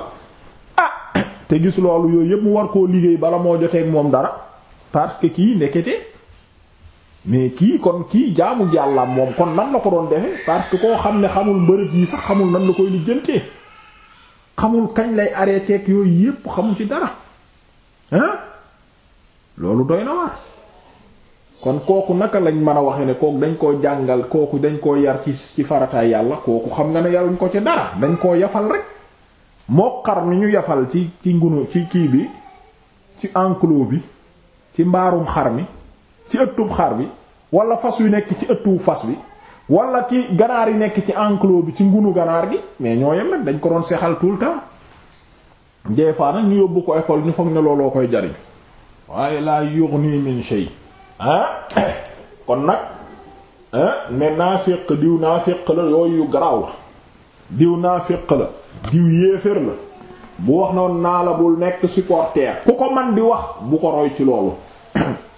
ah te gis loolu yooyu yëpp mu war koo liggéey bala moo joteeg moom dara parce que kii ndekete mais kii kon kii jaamu yàlla moom kon nan la ko doon defe parce que koo xam ne xamul mbërëg yi sax xamul nan la koy lijjantee xamul kañ lay arrêté ak yooyu yépp xamul ci dara loolu doy na waar kon kooku naka lañ mën a waxee ne kooku dañ koo jàngal kooku dañ koo yar ci ci farataay yàlla kooku xam nga ne yaruñ ko ci dara dañ koo yafal rek moo xar mi ñu yafal ci ci ngunu ci kii bi ci enclos bi ci mbaarum xar mi ci ëttub xar bi wala fas yu nekk ci ëttu fas bi walla ki ganaar yi nekk ci enclos bi ci ngunu ganaar gi mais ñoo yem dañ ko doon seexal tout le temps des fois ñu yóbbu ko école ñu foog ne looloo koy jariñ waaye laa yughni min shay ah kon nag ah ne naafiq diw naafiq la yooyu yu garaaw diw naafiq la diw yéeféer la bu wax noonu naa la bul nekk supporter ku ko man di wax bu ko roy ci loolu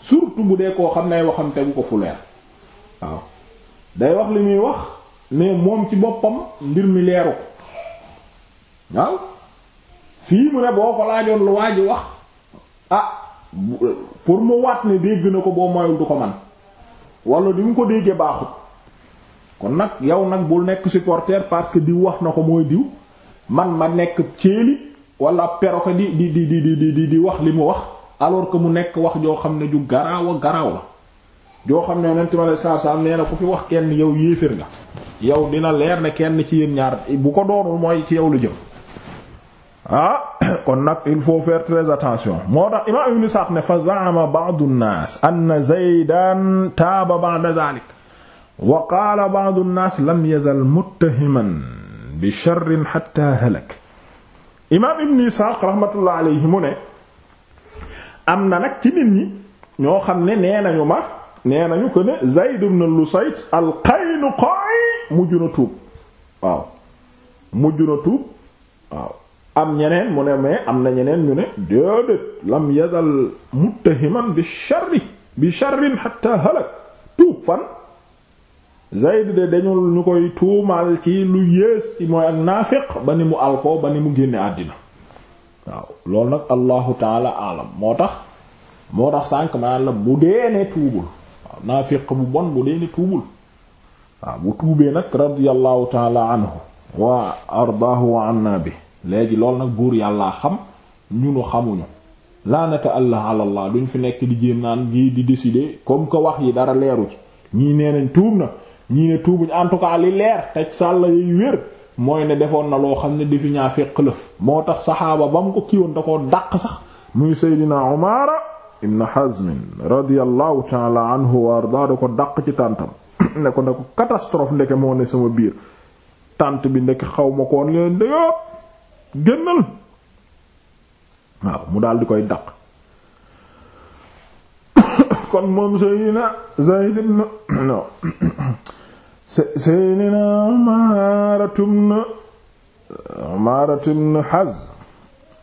surtout bu dee koo xam ne ay waxam tegu ko fu leer waaw day wax li muy wax ne moom ci boppam mbir mi leeru ko waaw fii mu ne boo ko laajoon lu waa wax ah pour mu waat ne dégg na ko boo moyul du ko man walla di nga ko déggee baaxut kon nag yow nag bul nekk supporter parce que diw wax na ko mooy diw man ma nekk céeli wala perroquet di di di di di di wax li mu wax alors que mu nekk wax joo xam ne ju garaaw a garaaw la joo xam ne yonent bi sallallahu alayhi nee na ku fi wax kenn yow yéefér nga yow dina leer ne kenn ci yéen ñaar bu ko doonul mooy ci yow lu jëm ah kon nag il faut faire très attention moo tax imam ibn Sa'd ne fa za'ama ba'du an-nas anna Zaydan taaba ba'da wa qaala ba'du an-nas lam yazal muttahiman bi sharrin hatta halak imam ibn Sa'd rahmatullah alayhi mu ne am na nag ci nit ñi ñoo xam ne nee nañu ma nee nañu ko ne Zayd ibn Lusayt al-Qaynuqa'i mujj na tuub waaw mujj na tuub waaw am ñeneen mu ne mais am na ñeneen ñu ne déedéet lam yazal muttahiman bi sharri bi sharrin hatta halak tuub fan Zayd de dañul ñu koy tuumal ci lu yées ci mooy ak naafiq ba ni mu alkoo ba ni mu génne àddina waaw loolu nag allahu taala alam moo tax moo tax sànq maanaam la bu dee ne tuubul waaw naafiq bu bon bu dee ne tuubul waaw bu tuubee nag radiyallahu taala anhu wa ardaahu wa anna bi léegi lool nag buur yàllaa xam ñunu xamuñu laanata allah ala allah ñu fi nekk di jéem naan gi di décider comme que wax yi dara leeru ci ñii nee nañ tuub na ñii ne tuubuñ en tout cas li leer tej sàlla wér mooy ne defoon na loo xam ne defi ñaa féq la moo tax saxaaba ba mu ko kiiwoon da koo dàq sax muy Seydina Umaara ibn Hazm radiyallahu taala anhu wa arda da ko dàq ci tàntam ne ko ne ko catastrophe ndeke moo ne sama biir tànt bi ndeke xaw ma koon leen dëyo génnal waaw mu daal di koy dàq kon moom Seydina Zayd ibn seydina Umaaratum na Umaaratum na Hazn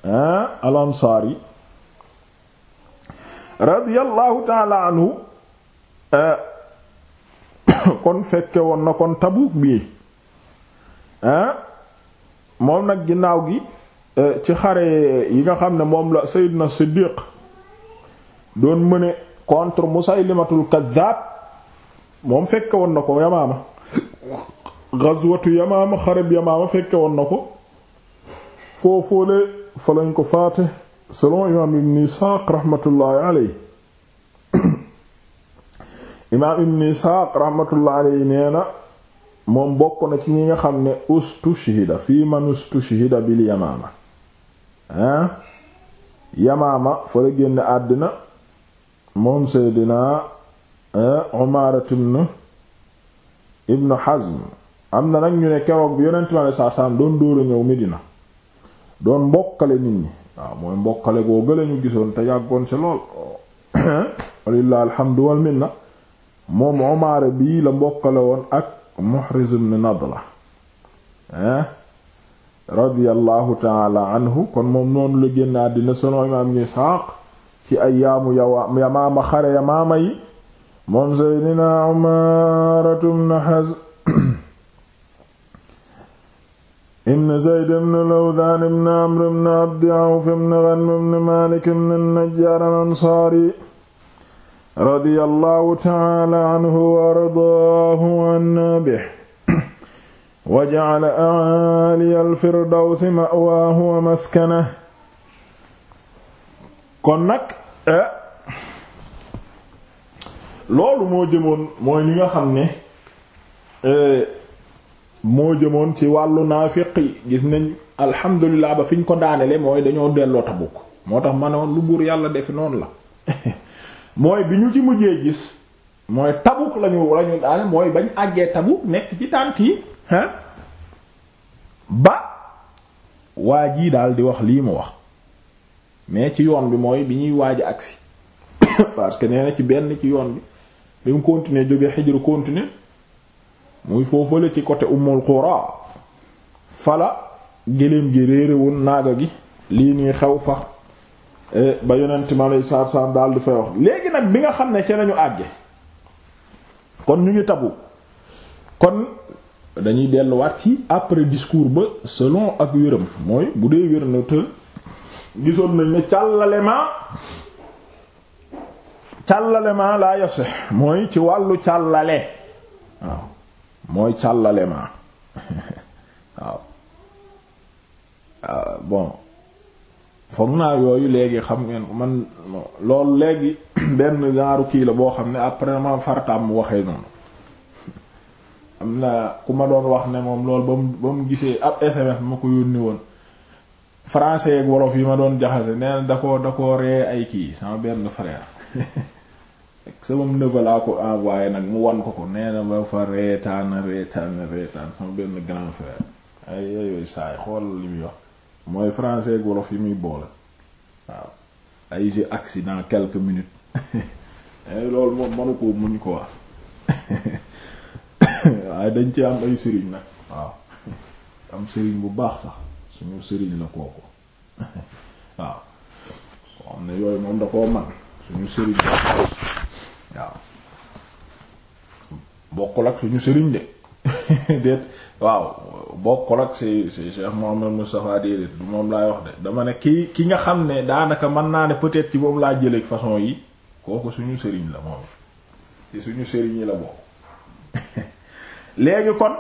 ah, al ansaari radiyallahu taala anhu ah, kon fekke woon na kon Tabuuk bi ah, moom nag ginnaaw gi eh, ci xare yi nga xam ne moom la Seydina Siddiq doon mëne contre Musaylimatul Kaddaab moom fekke woon na ko Yamaama gazwatu yamaama xareb yamaama fekke woon ko foofoole fa lañ ko faate selon imaam ibn isxaaq raxmatullaahi aley imaam moom bokk na ci ñi nga xam ne ustushhida fii man ustushhida bil yamaama ah yamaama fa la àddina moom seydinaa umaara ibn ibn hazm am na nag ñu ne keroog bi yonent bi alei satu doon dóor a ñëw Medina doon mbokkale nit ñi waaw mooy mbokkale goo gële gisoon te yàggoon ci lool walilah alhamdu wal moom Umaara bii la mbokkale woon ak Muhriz ibn Nadla hein radiyallahu anhu kon moom noonu la génn àddina solo imaam Isxaaq ci ayaamu yamaama xare yamaama yi moom Seydina Umaara ibn Hazm ibn Zayd ibn Lawdaan ibn Amr ibn Abdi Awf ibn Ghanm ibn Maalik ibn an-Najjaar al-Ansaari radiyallahu ta'aala anhu wa ardaahu anna bihi wa ja'ala a'aaliya al-firdawsi ma'waahu wa maskanahu kon nag eh, loolu moo jëmoon mooy li nga xam ne eh, moo jëmoon ci wàllu fiq yi gis nañ alhamdulilah ba fi ñu ko daanele mooy dañoo delloo Tabuk moo tax ma ne woon lu buur yàlla defi noonu la mooy bi ñu ci mujjee gis mooy Tabuk lañu lañu daane mooy bañ àggee Tabuk nekk ci tànt yi hein ba waa jii daal di wax lii mu wax mais ci yoon bi mooy bi ñuy waaj agsi parce que nee na ci benn ci yoon bi bi mu continuer jóge Hijr continuer muy foofale ci côté Ummul Qura fala géléem gi réere woon naaga gi lii nii xew fa e, ba yonent ma lay saar saar daal di fay wax léegi nag bi nga xam ne ci lañu àgge kon ñu ngi tabu kon dañuy delluwaat ci après discours ba selon ak wéram mooy bu dee wér na te gisoon nañ ne càllalema càllalema laa yase mooy ci wàllu càllale waaw mooy càllale ma waaw ah, bon foog naa yooyu léegi xam ngeen man loolu léegi benn genre kii la boo xam ne après ma fartaam mu waxee noonu am na ku ma doon wax ne moom loolu ba mu ba mu gisee ab SMS ma ko yónni woon français ak wolof yi ma doon jaxase nee na da ko da ko ree ay kii sama benn frère sama neveu laa ko envoyé nag mu wan ko ko nee na ba fa reetaan reetaan reetaan sama benn grand frère ay yooyu saay xool li muy wax mooy français ak yi muy boole waaw ay accident quelques minutes eh, loolu moom manu ko muñ ko wax waaye dañ ci am ay sëriñ nag waaw am sëriñ bu baax sax suñu sëriñ la kooku waaw xam ne yooyu moom da koo man suñu sëriñ waaw bokkul ak suñu sëriñ de déet waaw bokkul ak si si Cheikh Mouhamed Moustapha déedéet du moom laay wax de dama ne ki ki nga xam ne daanaka mën naa ne peut-être ci moom laa jëlee façon yi kooku suñu sëriñ la moom ci suñu sëriñ yi la bokk léegi kon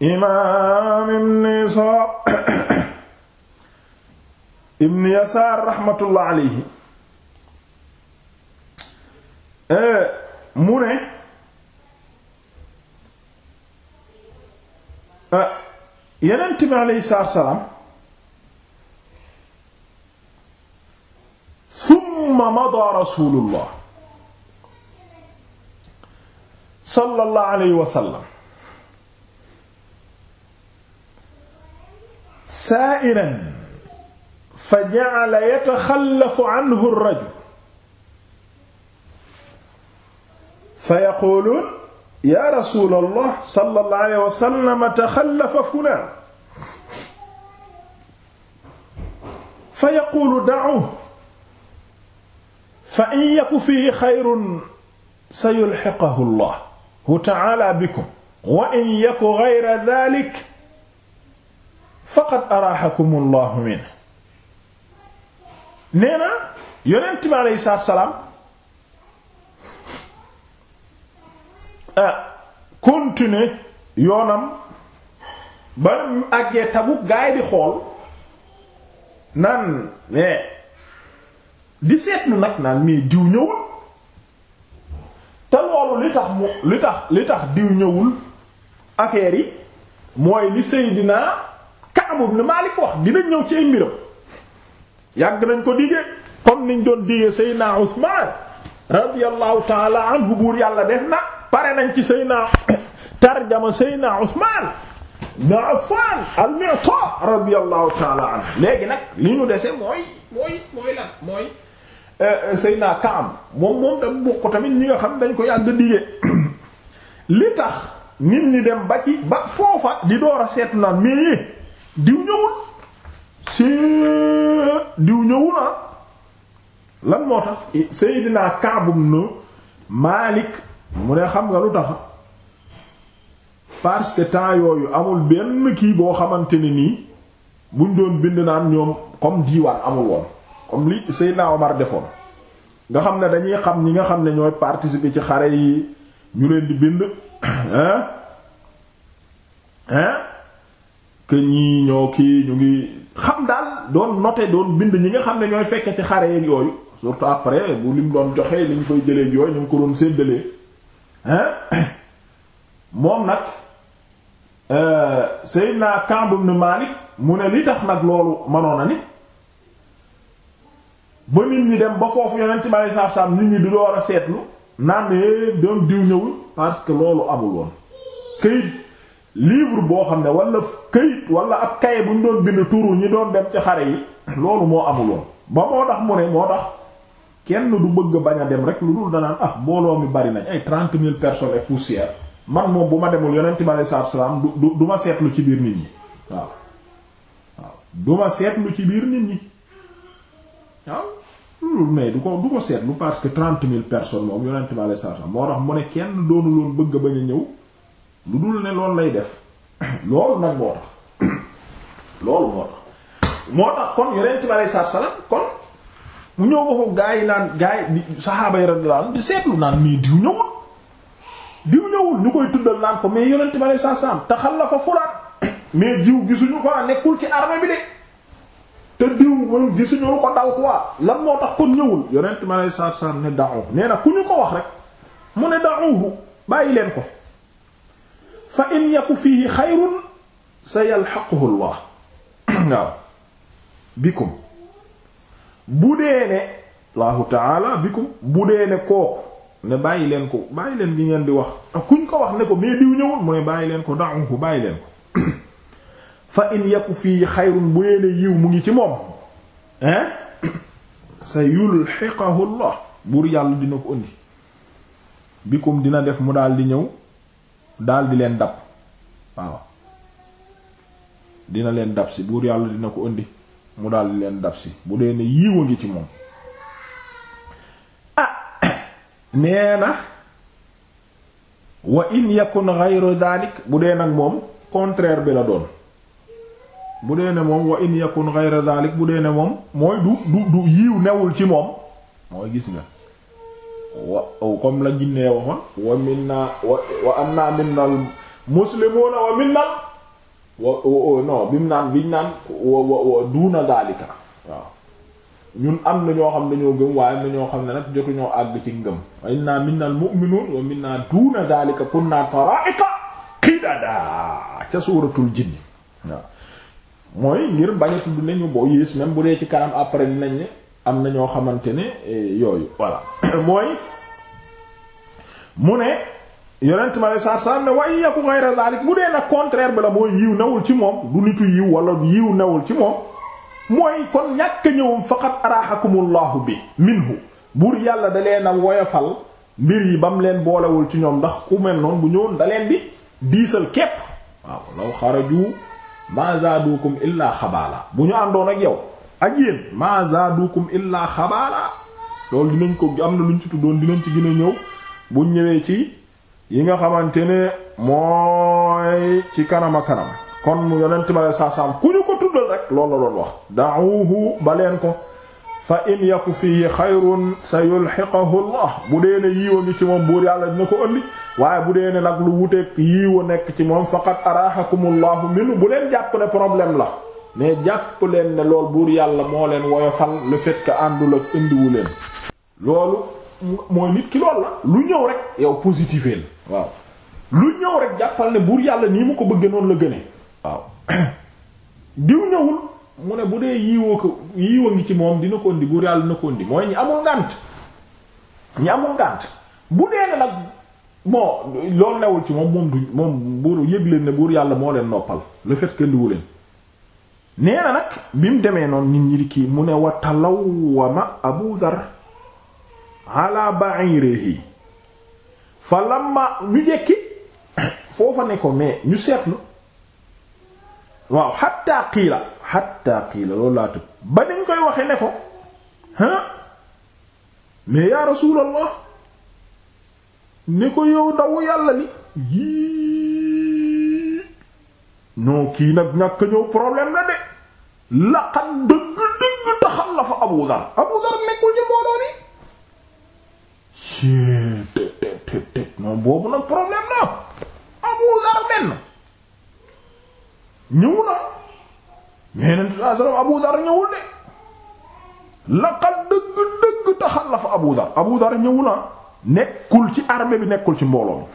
imaam Ibn Isaaq Ibn Yasaar rahmatullah alayhi Euh, mu ne euh, yonent bi aleyhi salaatu salaam summa madaa rasuulullah sallallahu alayhi wa sallam saa'iran fa ja'ala yataxallafu anhu ar-rajul fa yaquuluun yaa rasuulallah sallallahu alayhi wa sallam taxallafa fulaan fa yaquulu da'uhu fa in yaku fiihi xayrun sayulhiquhu Allahu ta'aala bikum wa in yaku ghayra dhaalika faqad araahakum Allahu minhu nee na yonent bi alayhi salaam Ah, continuer yoonam ba mu àggee Tabuk gaay di xool nan mais di seetlu nag naan mais diw ñëwul te loolu li tax mu li tax li tax diw ñëwul affaire yi mooy li Seydina Ka'b ibn Malik wax dina ñëw ci ay mbiram yàgg nañ ko digee comme niñ doon digee Seydina Usman radiyallahu ta'ala anhu buur yàlla def na pare nañ ci Seydina tarjama Seydina Usmaan ibn Affaan al-Mu'taa radiyallahu ta'ala léegi nag li ñu dese mooy mooy mooy lan mooy euh, Seydina Kaab moom moom dam bokk tamit ñi nga xam dañ ko yàgg digee li tax nit ñi dem ba ci ba foofa di door a seetu naan mais diw ñëwul si diw ñëwul ah? lan moo tax Seydina Kaab ibn Maalik mu ne xam nga lu tax parce que temps yooyu amul benn kii boo xamante ni nii buñ doon bind naan ñoom comme diiwaan amul woon comme li Seydina Omar defoon nga xam ne dañuy xam ñi nga xam ne ñooy participer ci xare yi ñu leen di bind hein hein que ñii ñoo kii ñu ngi xam daal doon noter doon bind ñi nga xam ne ñooy fekke ci xare yeeg yooyu surtout après bu lim doon joxee liñ koy jëlee yooyu ñu ngi ko doon séddalee moom nag euh, Seydina Ka'b ibn Malik mu ne li tax nag loolu manoon na ni ba nit ñi dem ba foofu yonent bi aleyhi salaatu nit ñi du door a seetlu naan eh, doom diw ñëwul parce que loolu amul woon këyit livre boo xam ne wala këyit wala ab kaye bu ñu doon bind turu ñi doon dem ci xare yi loolu moo amul ba moo tax mu ne moo tax kenn du bëgg bañ a dem rek lu dul danaan ah mbooloo mi bari nañ ay trente mille personnes et poussière man moom bu ma demul yonent bi alei salaatu salaam du du du ma seetlu ci biir nit ñi waaw seetlu ci biir nit ñi mais du ko du ko seetlu parce que trente mille personnes moom yonent bi alei salaatu kenn doonu bëgg bañ a ñëw lu dul ne loolu lay def loolu nag moo tax loolu moo tax moo tax kon yonent bi alei salaatu salaam kon mu ñëw ba ko gaa yi naan gaa yi saxaaba yi radiyallahu anhum di seetlu naan mais diw ñëwul diw ñëwul ñu koy tuddal naan ko mais yonent bi sallallahu alayhi wasallam taxallafa fulaan mais diw gisuñu ko nekkul ci armée bi de te diw moom gisuñu lu ko dal quoi lan moo tax kon ñëwul yonent bi sallallahu alayhi wasallam ne da'u nee na ku ñu ko wax rek mu ne da'uhu bàyyi leen ko fa in yaku fihi xayrun sayalhaquhu Allah waaw bikum bu dee ne allahu taala bikum bu dee ne kooku ne bàyyi leen ko bàyyi leen gi ngeen di wax kuñ ko wax ne ko mais diw ñëwul mu ne bàyyi leen ko da'uhu bàyyi leen ko fa in yaku fii xayrun bu dee yiw mu ngi ci moom hein sa yulxiqahu allah buur yàlla dina ko indi bikum dina def mu daal di ñëw daldi leen dab waaw dina leen dab si buur yàlla dina ko indi mu daal di leen dab si bu dee ne yiiw a ngi ci moom ah nee na wa in yakun ghayru dhalik bu dee nag moom contraire bi la doon bu dee ne moom wa in yakun ghayru dhalik bu dee ne moom mooy du du du yiiw newul ci moom mooy gis nga wa oh, comme la jinnee waxoon wa minna wa anna minnal muslimuna wa minnal wa non bi mu naan biñ naan wa wa duuna daalika waaw ñun am na ñoo xam dañoo gëm waaye ñoo xam ne nag jotuñoo àgg ci ngëm wa inna minnal mu'minuun wa minna duuna daalika kunna taraa'ika qidadaa ca suuratul jinni waaw mooy ngir bañ a tudd ne boo yées même bu dee ci kanam après dinañ ne am na ñoo xamante ne eh, yooyu voilà mooy mu ne yonent ma ne saar saar ne waaye yàqu ghayra zalik bu dee nag contraire bi la mooy yiw newul ci moom du nitu yiw walla yiw newul ci moom mooy kon ñàkk ñëwum faqat arahakumullahu bi minhu buur yàlla da leen a woyofal mbir yi ba mu leen boolewul ci ñoom ndax ku mel noonu bu ñëwoon da leen di diisal képp waaw law xaraju ma zaadukum illaa xabaala bu ñu àndoon ak yow ak maa ma zaadukum illaa xabaala loolu dinañ ko am na luñ ci tuddoon ci gën a ñëw buñ ci yi nga xamante ne mooy ci kanama kanam kon mu yonent ma saa saam ku ñu ko tuddal rek loolu la doon wax da'uhu ba leen ko sa in yaku fihi xayrun sa yulxiqahu allah bu dee ne yiiwa ngi ci moom buur yàlla dina ko ëndi waaye bu dee ne nag lu wuteeg yiiwa nekk ci moom faqad arahakumullahu minu bu leen jàpp ne problème la mais jàpp leen ne lool buur yàlla moo leen woyofal le fait que àndul ak indiwu leen loolu mooy nit ki lool la lu ñëw rek yow positifeel waaw lu ñëw rek jàppal ne buur yàlla nii mu ko bëggee noonu la gëne waaw diw ñëwul mu ne bu dee yiiwa ko yiiwa ngi ci moom dina ko di buur yàlla dina di mooy ñi amul ngànt ñi amul ci moom moom buur yëg leen ne buur yàlla moo leen noppal le fait que ndiwu leen nee na nag bi mu demee noonu nit ñi di kii mu ne wa wa talawwama Abu Dhar ala yi fa lamma ñu jekki foofa ne ko mais ñu seetlu waaw xatta qiila xatta qiila loolu laa tëb ba niñ koy waxe ne ko ah yaa rasuulallah ni ko yow daw yàlla li yii non kii nag ñàkk ñëw problème la de laqad dëgg dëgg taxallafa Abu Dhar Abu Dhar nekkul ci mbooloo ni tëj tëj moom boobu nag problème la Abu Dar benn ñëw na mais nag saa salaam ñëwul de laqad dëgg dëgg taxal la fa Abu Dar Abu na nekkul ci armée bi nekkul ci mbooloo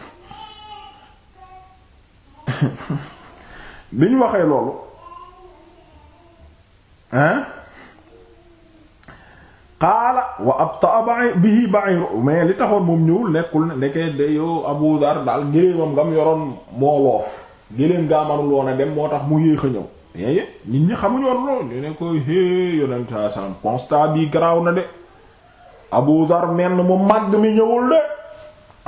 bi ñu waxee loolu hein qaala wa abta bihi ba'iru mais li taxoon moom ñëwul nekkul ne ndeke de yoo Abu Dar daal géléemam ngam yoroon moo loof géléem ngaa manul dem moo tax mu yéex a ñëw yéye nit ñi xamuñu woon loolu ñu ne koy yonent saa salaam bi garaaw na de Abu Dar menn mu màgg mi ñëwul de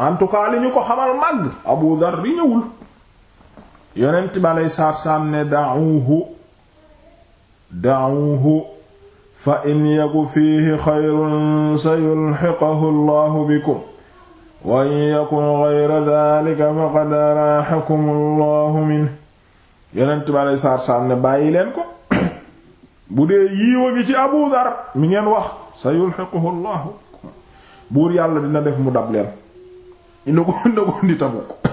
en tout cas li ñu ko xamal màgg Abu Dar di ñëwul yonent ma lay saam ne da'uhu da'uhu fa in yaku fiihi xayrun sa yulxiqahu allahu bikum wa in yakun gayra dalika faqad araaxakum allahu min yonent bi alei saatu bàyyi leen ko bu dee yiiwa gi ci abu dar mi ngeen wax sa yulxiquhu allahu buur yàlla dina def mu dab leen ina ko ina ko ndi tabuk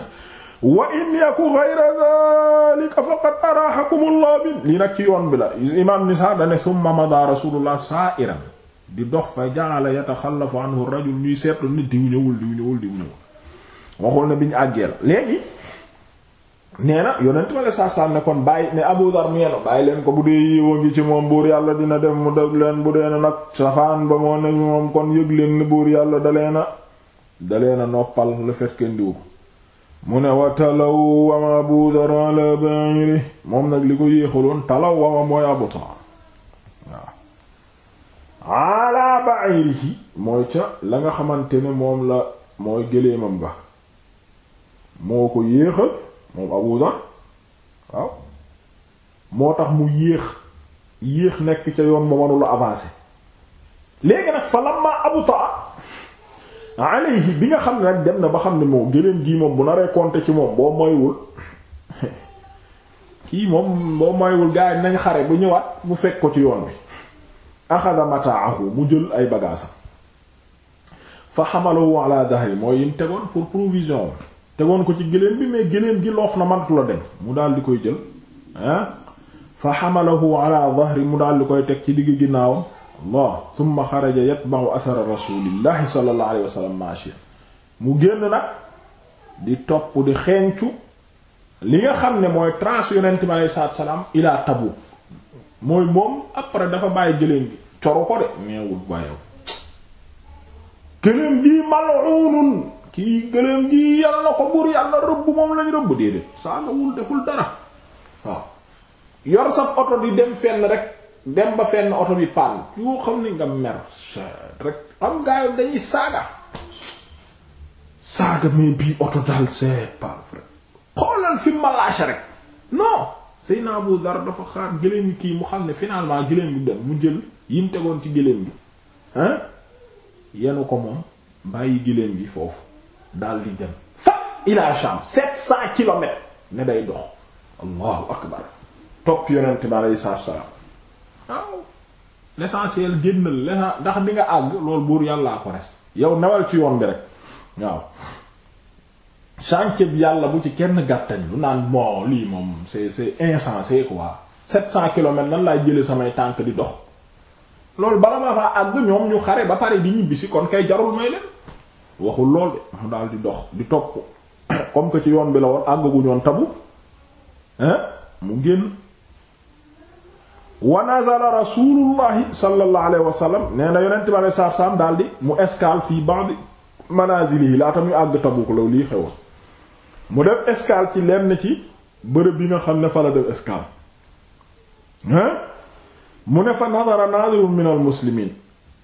wa in yaku ghayra dhalika faqad arahakumullah bi lii nag ci yoon bi la imam nisa dane thumma mada rasulullah sa'iran di dox fa ja'ala yatakhallafu anhu ar-rajul ñuy seetlu ni diw ñëwul diw ñëwul diw ñëwul waxul ne bi ñu àggee la léegi nee na yonentu ma le sarsaan ne kon bàyyi ne Abu Dar muyeno bàyyi leen ko bu dee yiwa ngi ci moom buur yàlla dina dem mu def leen bu deena nag safaan ba moo ne moom kon yëg leen buur yàlla da na da le fait diw mu ne wa talawwama Abu Dar ala moom nag li ko yéexaloon talawwama mooy Abu Dar waaw ala ba'iri mooy ca la nga xamante ne moom la mooy gëléemam ba moo ko yéexal moom Abu waaw moo tax mu yéex yéex nekk ca yoon ba mënula avancer léegi nag fa lamma Abu Dar alayhi bi nga xam ne nag dem na ba xam ne moo gëléem gii moom bu na compter ci moom boo moywul kii moom boo moywul gars yi nañ xare bu ñëwaat mu fekk ko ci yoon bi axada mataahu mu jël ay bagaasam fa xamalahu ala dahri mooy yim tegoon pour provision tegoon ko ci gëléem bi mais gëléem gi loof na mantu la dem mu daal di koy jël ah fa xamalahu ala dahri mu daal di koy teg ci digg ginnaawam allah thumma xaraja yatba'u athara rasulillahi sallallahu alayhi wa sallam mu génn nag di topp di xeencu li nga xam ne mooy trace yonent mi alayhi salaatu salaam ilaa Tabuk mooy moom après dafa bàyyi jëleen bi coru ko de neewul bàyyow gëléem gi mal'unun kii gëléem gi yàlla na ko buur yàlla rëbb moom lañu rëbb déedéet saa nga deful dara waaw yor sa oto di dem fenn rek dem ba fenn oto bi panne yoo xam ni nga mer rek am gaa yi dañuy saaga saaga mais bii oto daal c'est pas vrai xoolal fi ma rek non Seydina Abu dafa xaar gëléem yi kii mu xam ne finalement gëléem bi dem mu jël yim tegoon ci gëléem bi hein yenu ko moom bàyyi gëléem bi foofu daal di dem fa ila Sham sept cent ne day dox allahu akbar topp yonent bi aleyhi salaatu salaam waaw l'essentiel génnal lena ndax bi nga àgg lool buur yàllaa ko res yow newal ci yoon bi rek waaw chantier bi yàlla bu ci kenn gàttañ lu naan boo lii moom c'est c'est insensé quoi sept cent kilomètres nan laay jële samay tànk di dox loolu bala ma faa àgg ñoom ñu xare ba pare bi ñibbisi kon kay jarul may leen waxul lool de mu daal di dox di topp comme que ci yoon bi la woon àgg gu ñoon tabu hein mu génn wa nazala rasulullahi sallallahu alayhi wa sallam nee na yonent ba alayhi salaatu salaam daal di mu escale fii ba'd manazilihi laata muy àgg Tabuk law lii xewoon mu def escale ci lenn ci bërëb bi nga xam ne fa la def escale hein mu ne fa nazara nazirun minal muslimiin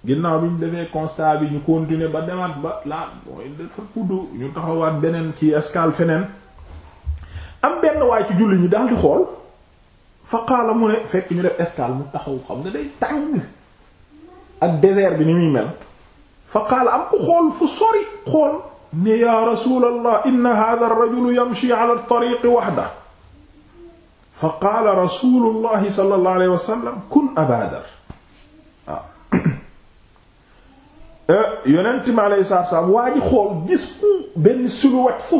ginnaaw bi ñu defee constat bi ñu continuer ba demaat ba la mooy dafa fudd ñu taxawaat beneen ci escale feneen am benn waay ci julli ñi daal di xool fa qaala mu ne fekk ñu def escale mu taxaw xam nga day tàng ak désert bi ni muy mel fa qaala am ku xool fu sori xool wa sallam kun aba dar ah. eh, yonent mi alayhi salaatu fu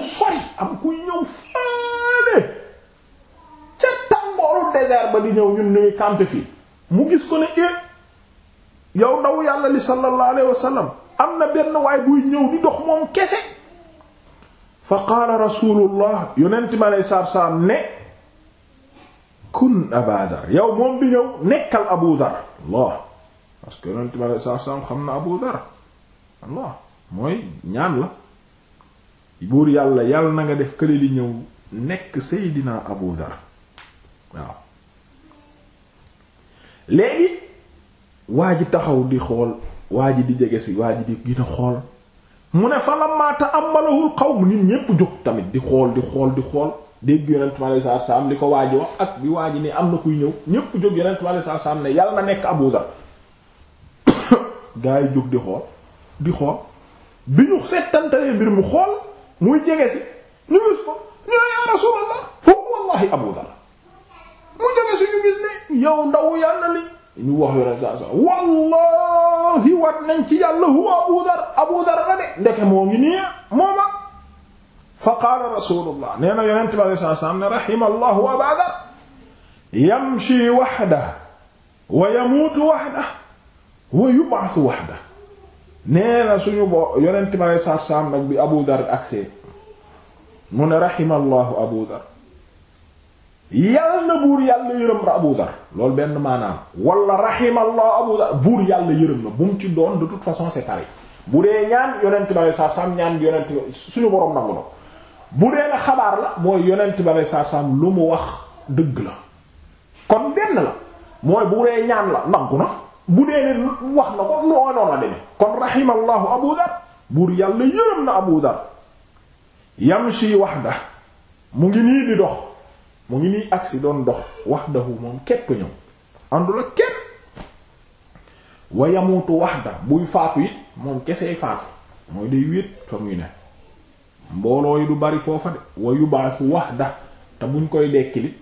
xoolu désert ba di ñëw ñun ñuy campé fii mu gis ko ne é eh, yow ndaw yàlla li sallallahu alayhi am na benn waay buy ñëw di dox moom kese fa qaala rasulullah yonent mi alei saatu salaam ne kun aba dar yow moom bi ñëw nekkal abu dar allah parce que yonent mi alei saatu xam na abu dar allah mooy ñaan la buur yàlla yàlla na nga def kële di ñëw nekk seydina abu dar waaw léegi waa ji taxaw di xool waa ji di jege si waa di gën a xool mu ne fa lamma ta'ammalahul qawm nit ñépp jóg tamit di xool di xool di xool dégg yonent mi alayhi salaatu salaam ko waa ji ak bi waa ji ne am na kuy ñëw ñépp jóg yonent mi alayhi salaatu salaam ne yàlla na nekk Abu Dhar gaa yi jóg di xool di xool bi ñu settantalee mbir mu xool muy jege si ñu gis ko ñu ne yaa Rasuulallah huwa wallahi Abu Dhar mu jóge suñu gis ne yow ndaw yàlla li ñu wax yoneen saa saa wallahi wat nañ ci yàlla huwa abu dar abu dar la de ndeke moo ngi nii mooma fa qaala rasulullah nee na yonent bi alayhi salaam ne rahima allahu aba dar yamshi waxda wa yamuutu waxda wa yub'athu waxda nee na suñu bo yonent bi alayhi salaam nag bi abu dar akse mu ne rahima allahu abu dar yàlla na buur yàlla yërëm la Abu Dar loolu benn maanaam wala rahimallah Abu buur yàlla yërëm la bu ci doon de toute façon bu dee ñaan yonent ba saar saam ñaan yonent la mooy yonent ba saar lu mu wax dëgg la kon benn bu wax na kon rahimallahu buur yàlla yërëm na Abu Dar mu ngi nii di dox mu ngi nii agsi doon dox wax wahdahu moom képp ñëw àndul ak kenn wa yamutu buy faatu it moom kesee faatu mooy day wéet fa muy ne mbooloo yi du bari foofa de wa wax wahda te buñ koy dekki li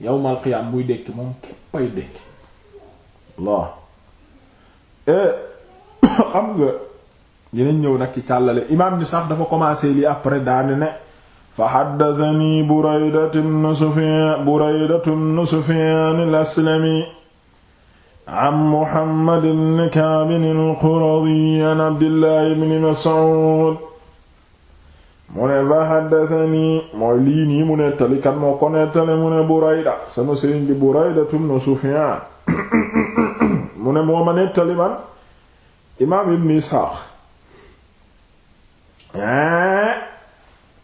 yawmal qiyaam buy dekki moom képpay dekki waaw eh, xam nga dinañ ñëw nag ci càllale imaam ni sax dafa commencé li après daane ne fa xaddatani buraydatu bnu sufyaan buraydatu bnu sufyaan al-aslami an muhammad bn kaabin al-quradi an abdillahi bni mas'ud mu ne fa xaddatani mooy lii nii mu nettali kan moo ko nettali mu ne burayda sama sëriñ bi buraydatu bnu sufyaan mu ne moo ma nettali man imaam ibn isxaaq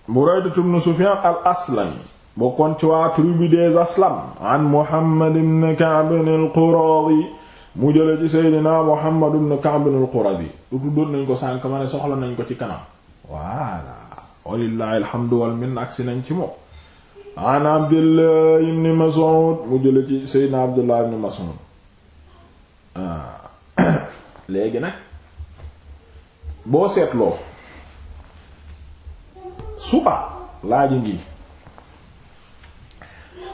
Buraydatu ibn Sufyaan al-Aslami bokkoon ci waa tribu des Aslam an Muhammad ibn Ka'b al-Quradi mu jële ci Seydina Muhammad ibn Ka'b al-Quradi tuddoon nañ ko sànk ma ne soxla nañ ko ci kanam voilà walillahi alhamdu wal minna nañ ci moom an Abdullah ibn Mas'ud mu jële ci Seydina Abdullah ibn Mas'ud ah. léegi nag boo seetloo suba laaj ngi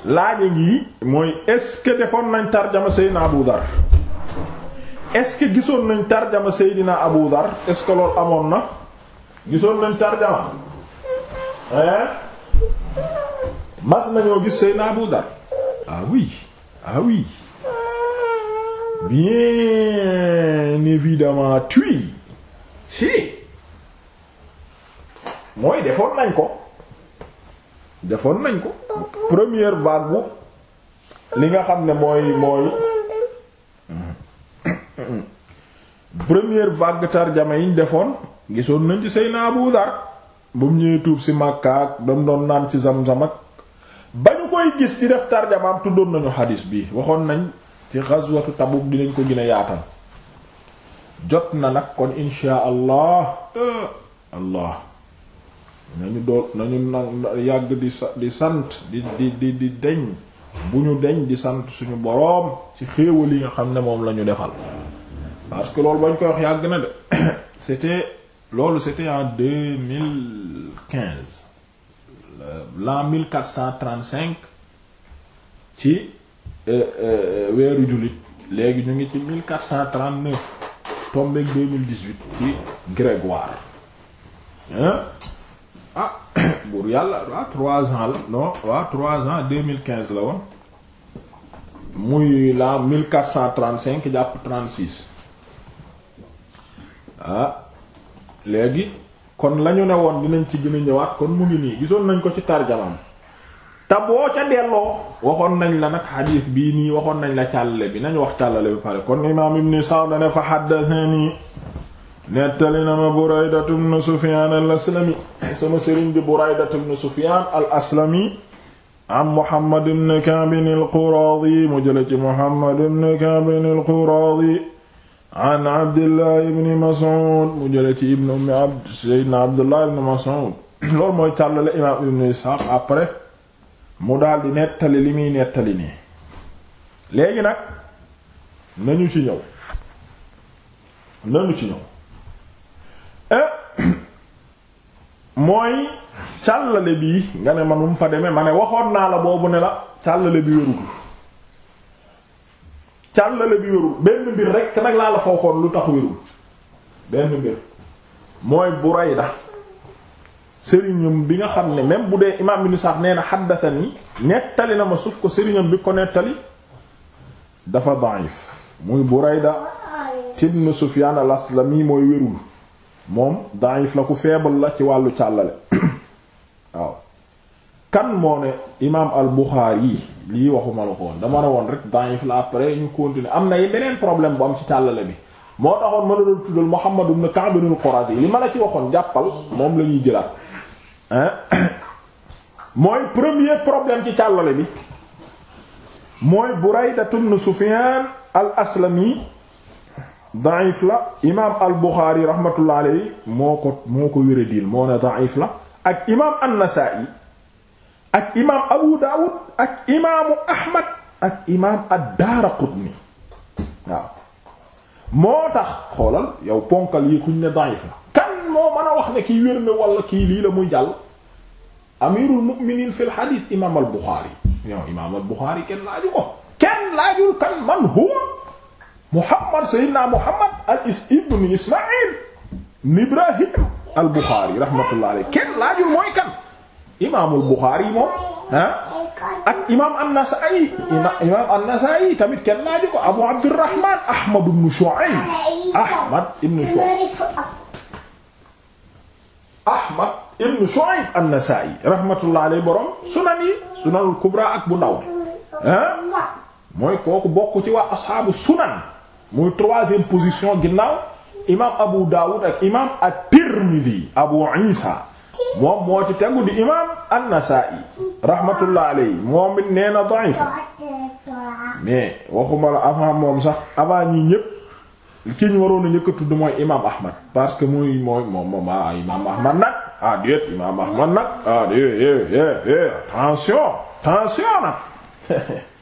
laaj ngi mooy est-ce que defoon nañ tarjama na Abu Dar est gisoon nañ tarjama Seydina Abu Dar est-ce amoon na gisoon nañ tarjama mas nañoo gis Seydina Abu Dar ah oui ah bien évidemment tuy si mooy defoon nañ ko defoon nañ ko première vague li nga xam ne mooy mooy première vague tarjama yiñ defoon gisoon nañ ci Seyna Abu Dar ba mu ñëwee tuub si Makka ak doon naan ci Zamzam ak ba ñu koy gis di def tarjamaam tuddoon nañu xadis bi waxoon nañ ci ghazwatu Tabuk dinañ ko gën yaatal jot na nag kon insha allah eh, allah nañu dool nañu nag yàgg di di sant di di di deñ bu ñu deñ di sant suñu boroom ci xéewal yi nga xam ne moom la ñu defal parce que loolu bañ koy wax yàgg na de c'était loolu c'était en deux mille quinze mille quatre cent cinq ci euh, euh, weeru jullit léegi ñu ngi ci mille quatre cent trente-neuf mille dix-huit ci Grégoire hein ah buur yàlla waa trois ans la non waa trois ans deux mille quinze la woon muy la mille quatre cent trente cinq jàpp trente six ah léegi kon lañu ne woon dinañ ci gën a ñëwaat kon mu ngi nii gisoon nañ ko ci tarjamam te boo ca delloo waxoon nañ la nag xadiis bii nii waxoon nañ la càllale bi nañ wax càllale bi pare kon imaam ibn Sa'd ne fa haddathani nettali na ma Buraydatu ibn Sufyaan al-Aslami sama sëriñ bi Buraydatu ibn Sufyaan al am Muhammad ibn Ka'b al-Quraadi mu jële ci Muhammad ibn Ka'b al-Quraadi an Abdullah ibn Mas'ud mu jële ci ibn Ummi Abd Sayyidina Abdullah ibn Mas'ud loolu mooy càllale imaam Ibn Isxaaq après mu daal di nettali li muy nettali nii léegi nag nañu ci ñëw Eh? mooy càllale bii nga ne manum fa demee ma ne waxoon naa la boobu ne la càllale bi wérul càllale bi wérul benn mbir rek nag laa la fooxoon lu tax wérul benn mbir mooy Burayda sëriñam bi nga xam ne même bu dee imaam ibn Sa'd nee na ni nettali na ma suuf ko sëriñam bi ko nettali dafa da'if muy Burayda ibn Sufyan la aslami mooy wérul moom da'if la ku feebal la ci wàllu càllale waaw kan moo ne imaam al Buxaari lii waxuma la ko dama ne woon rek da'if la après ñu continuer am na yi beneen problème bu am ci càllale bi moo taxoon ma la doon tuddal Muhammad ibn Ka'b al-Quradi li ma la ci waxoon jàppal moom la ñuy jëlaat hein mooy premier problème ci càllale bi mooy Burayda ibn Sufyaan al-Aslami daif la imaam al Buxaari rahmatullah moo ko moo ko wéra diil moo ne daif la ak imaam an-Nasaa'i ak imaam Abu Daawud ak imaamu Ahmad ak imaam ad-Daaraqutni waaw moo tax xoolal yow ponkal yi kuñ ne daif la kan moo mën a wax ne kii wér na wala kii lii la muy jàll amirul mu'minin fil hadith imaam al Buxaari yow imaam al Buxaari kenn laaju ko kenn laajul kan man huwa Muhammad Seydina Muhammad al is ibn Ismaïl Ibrahim al Bukhari rahmatullah alayhi kenn laajul mooy kan imaamul Bukhari moom ah ak imaam an-Nasa'i imaam an-Nasa'i tamit kenn laaju ko Abu Abdurrahman Ahmad ibn Shu'ayb Ahmad ibn Shu'ayb Ahmad ibn Shu'ayb an-Nasa'i rahmatullah alayhi borom sunan yi sunanul kubra ak bu ndaw ah mooy kooku bokk ci waa ashaabu sunan. muy troisième position ginnaaw imam Abu Dawud ak imam at-Tirmidhi Abu Isa moom moo ci tegu di imam an-Nasa'i rahmatullah alayhi moom it nee na da'if mais waxuma la avant moom sax avant ñi ñëpp ki ñu waroon a njëkk a tudd mooy imam Ahmad parce que muy mooy moom moom ah imam Ahmad nag ah déet imam Ahmad nag ah déet déet déet nag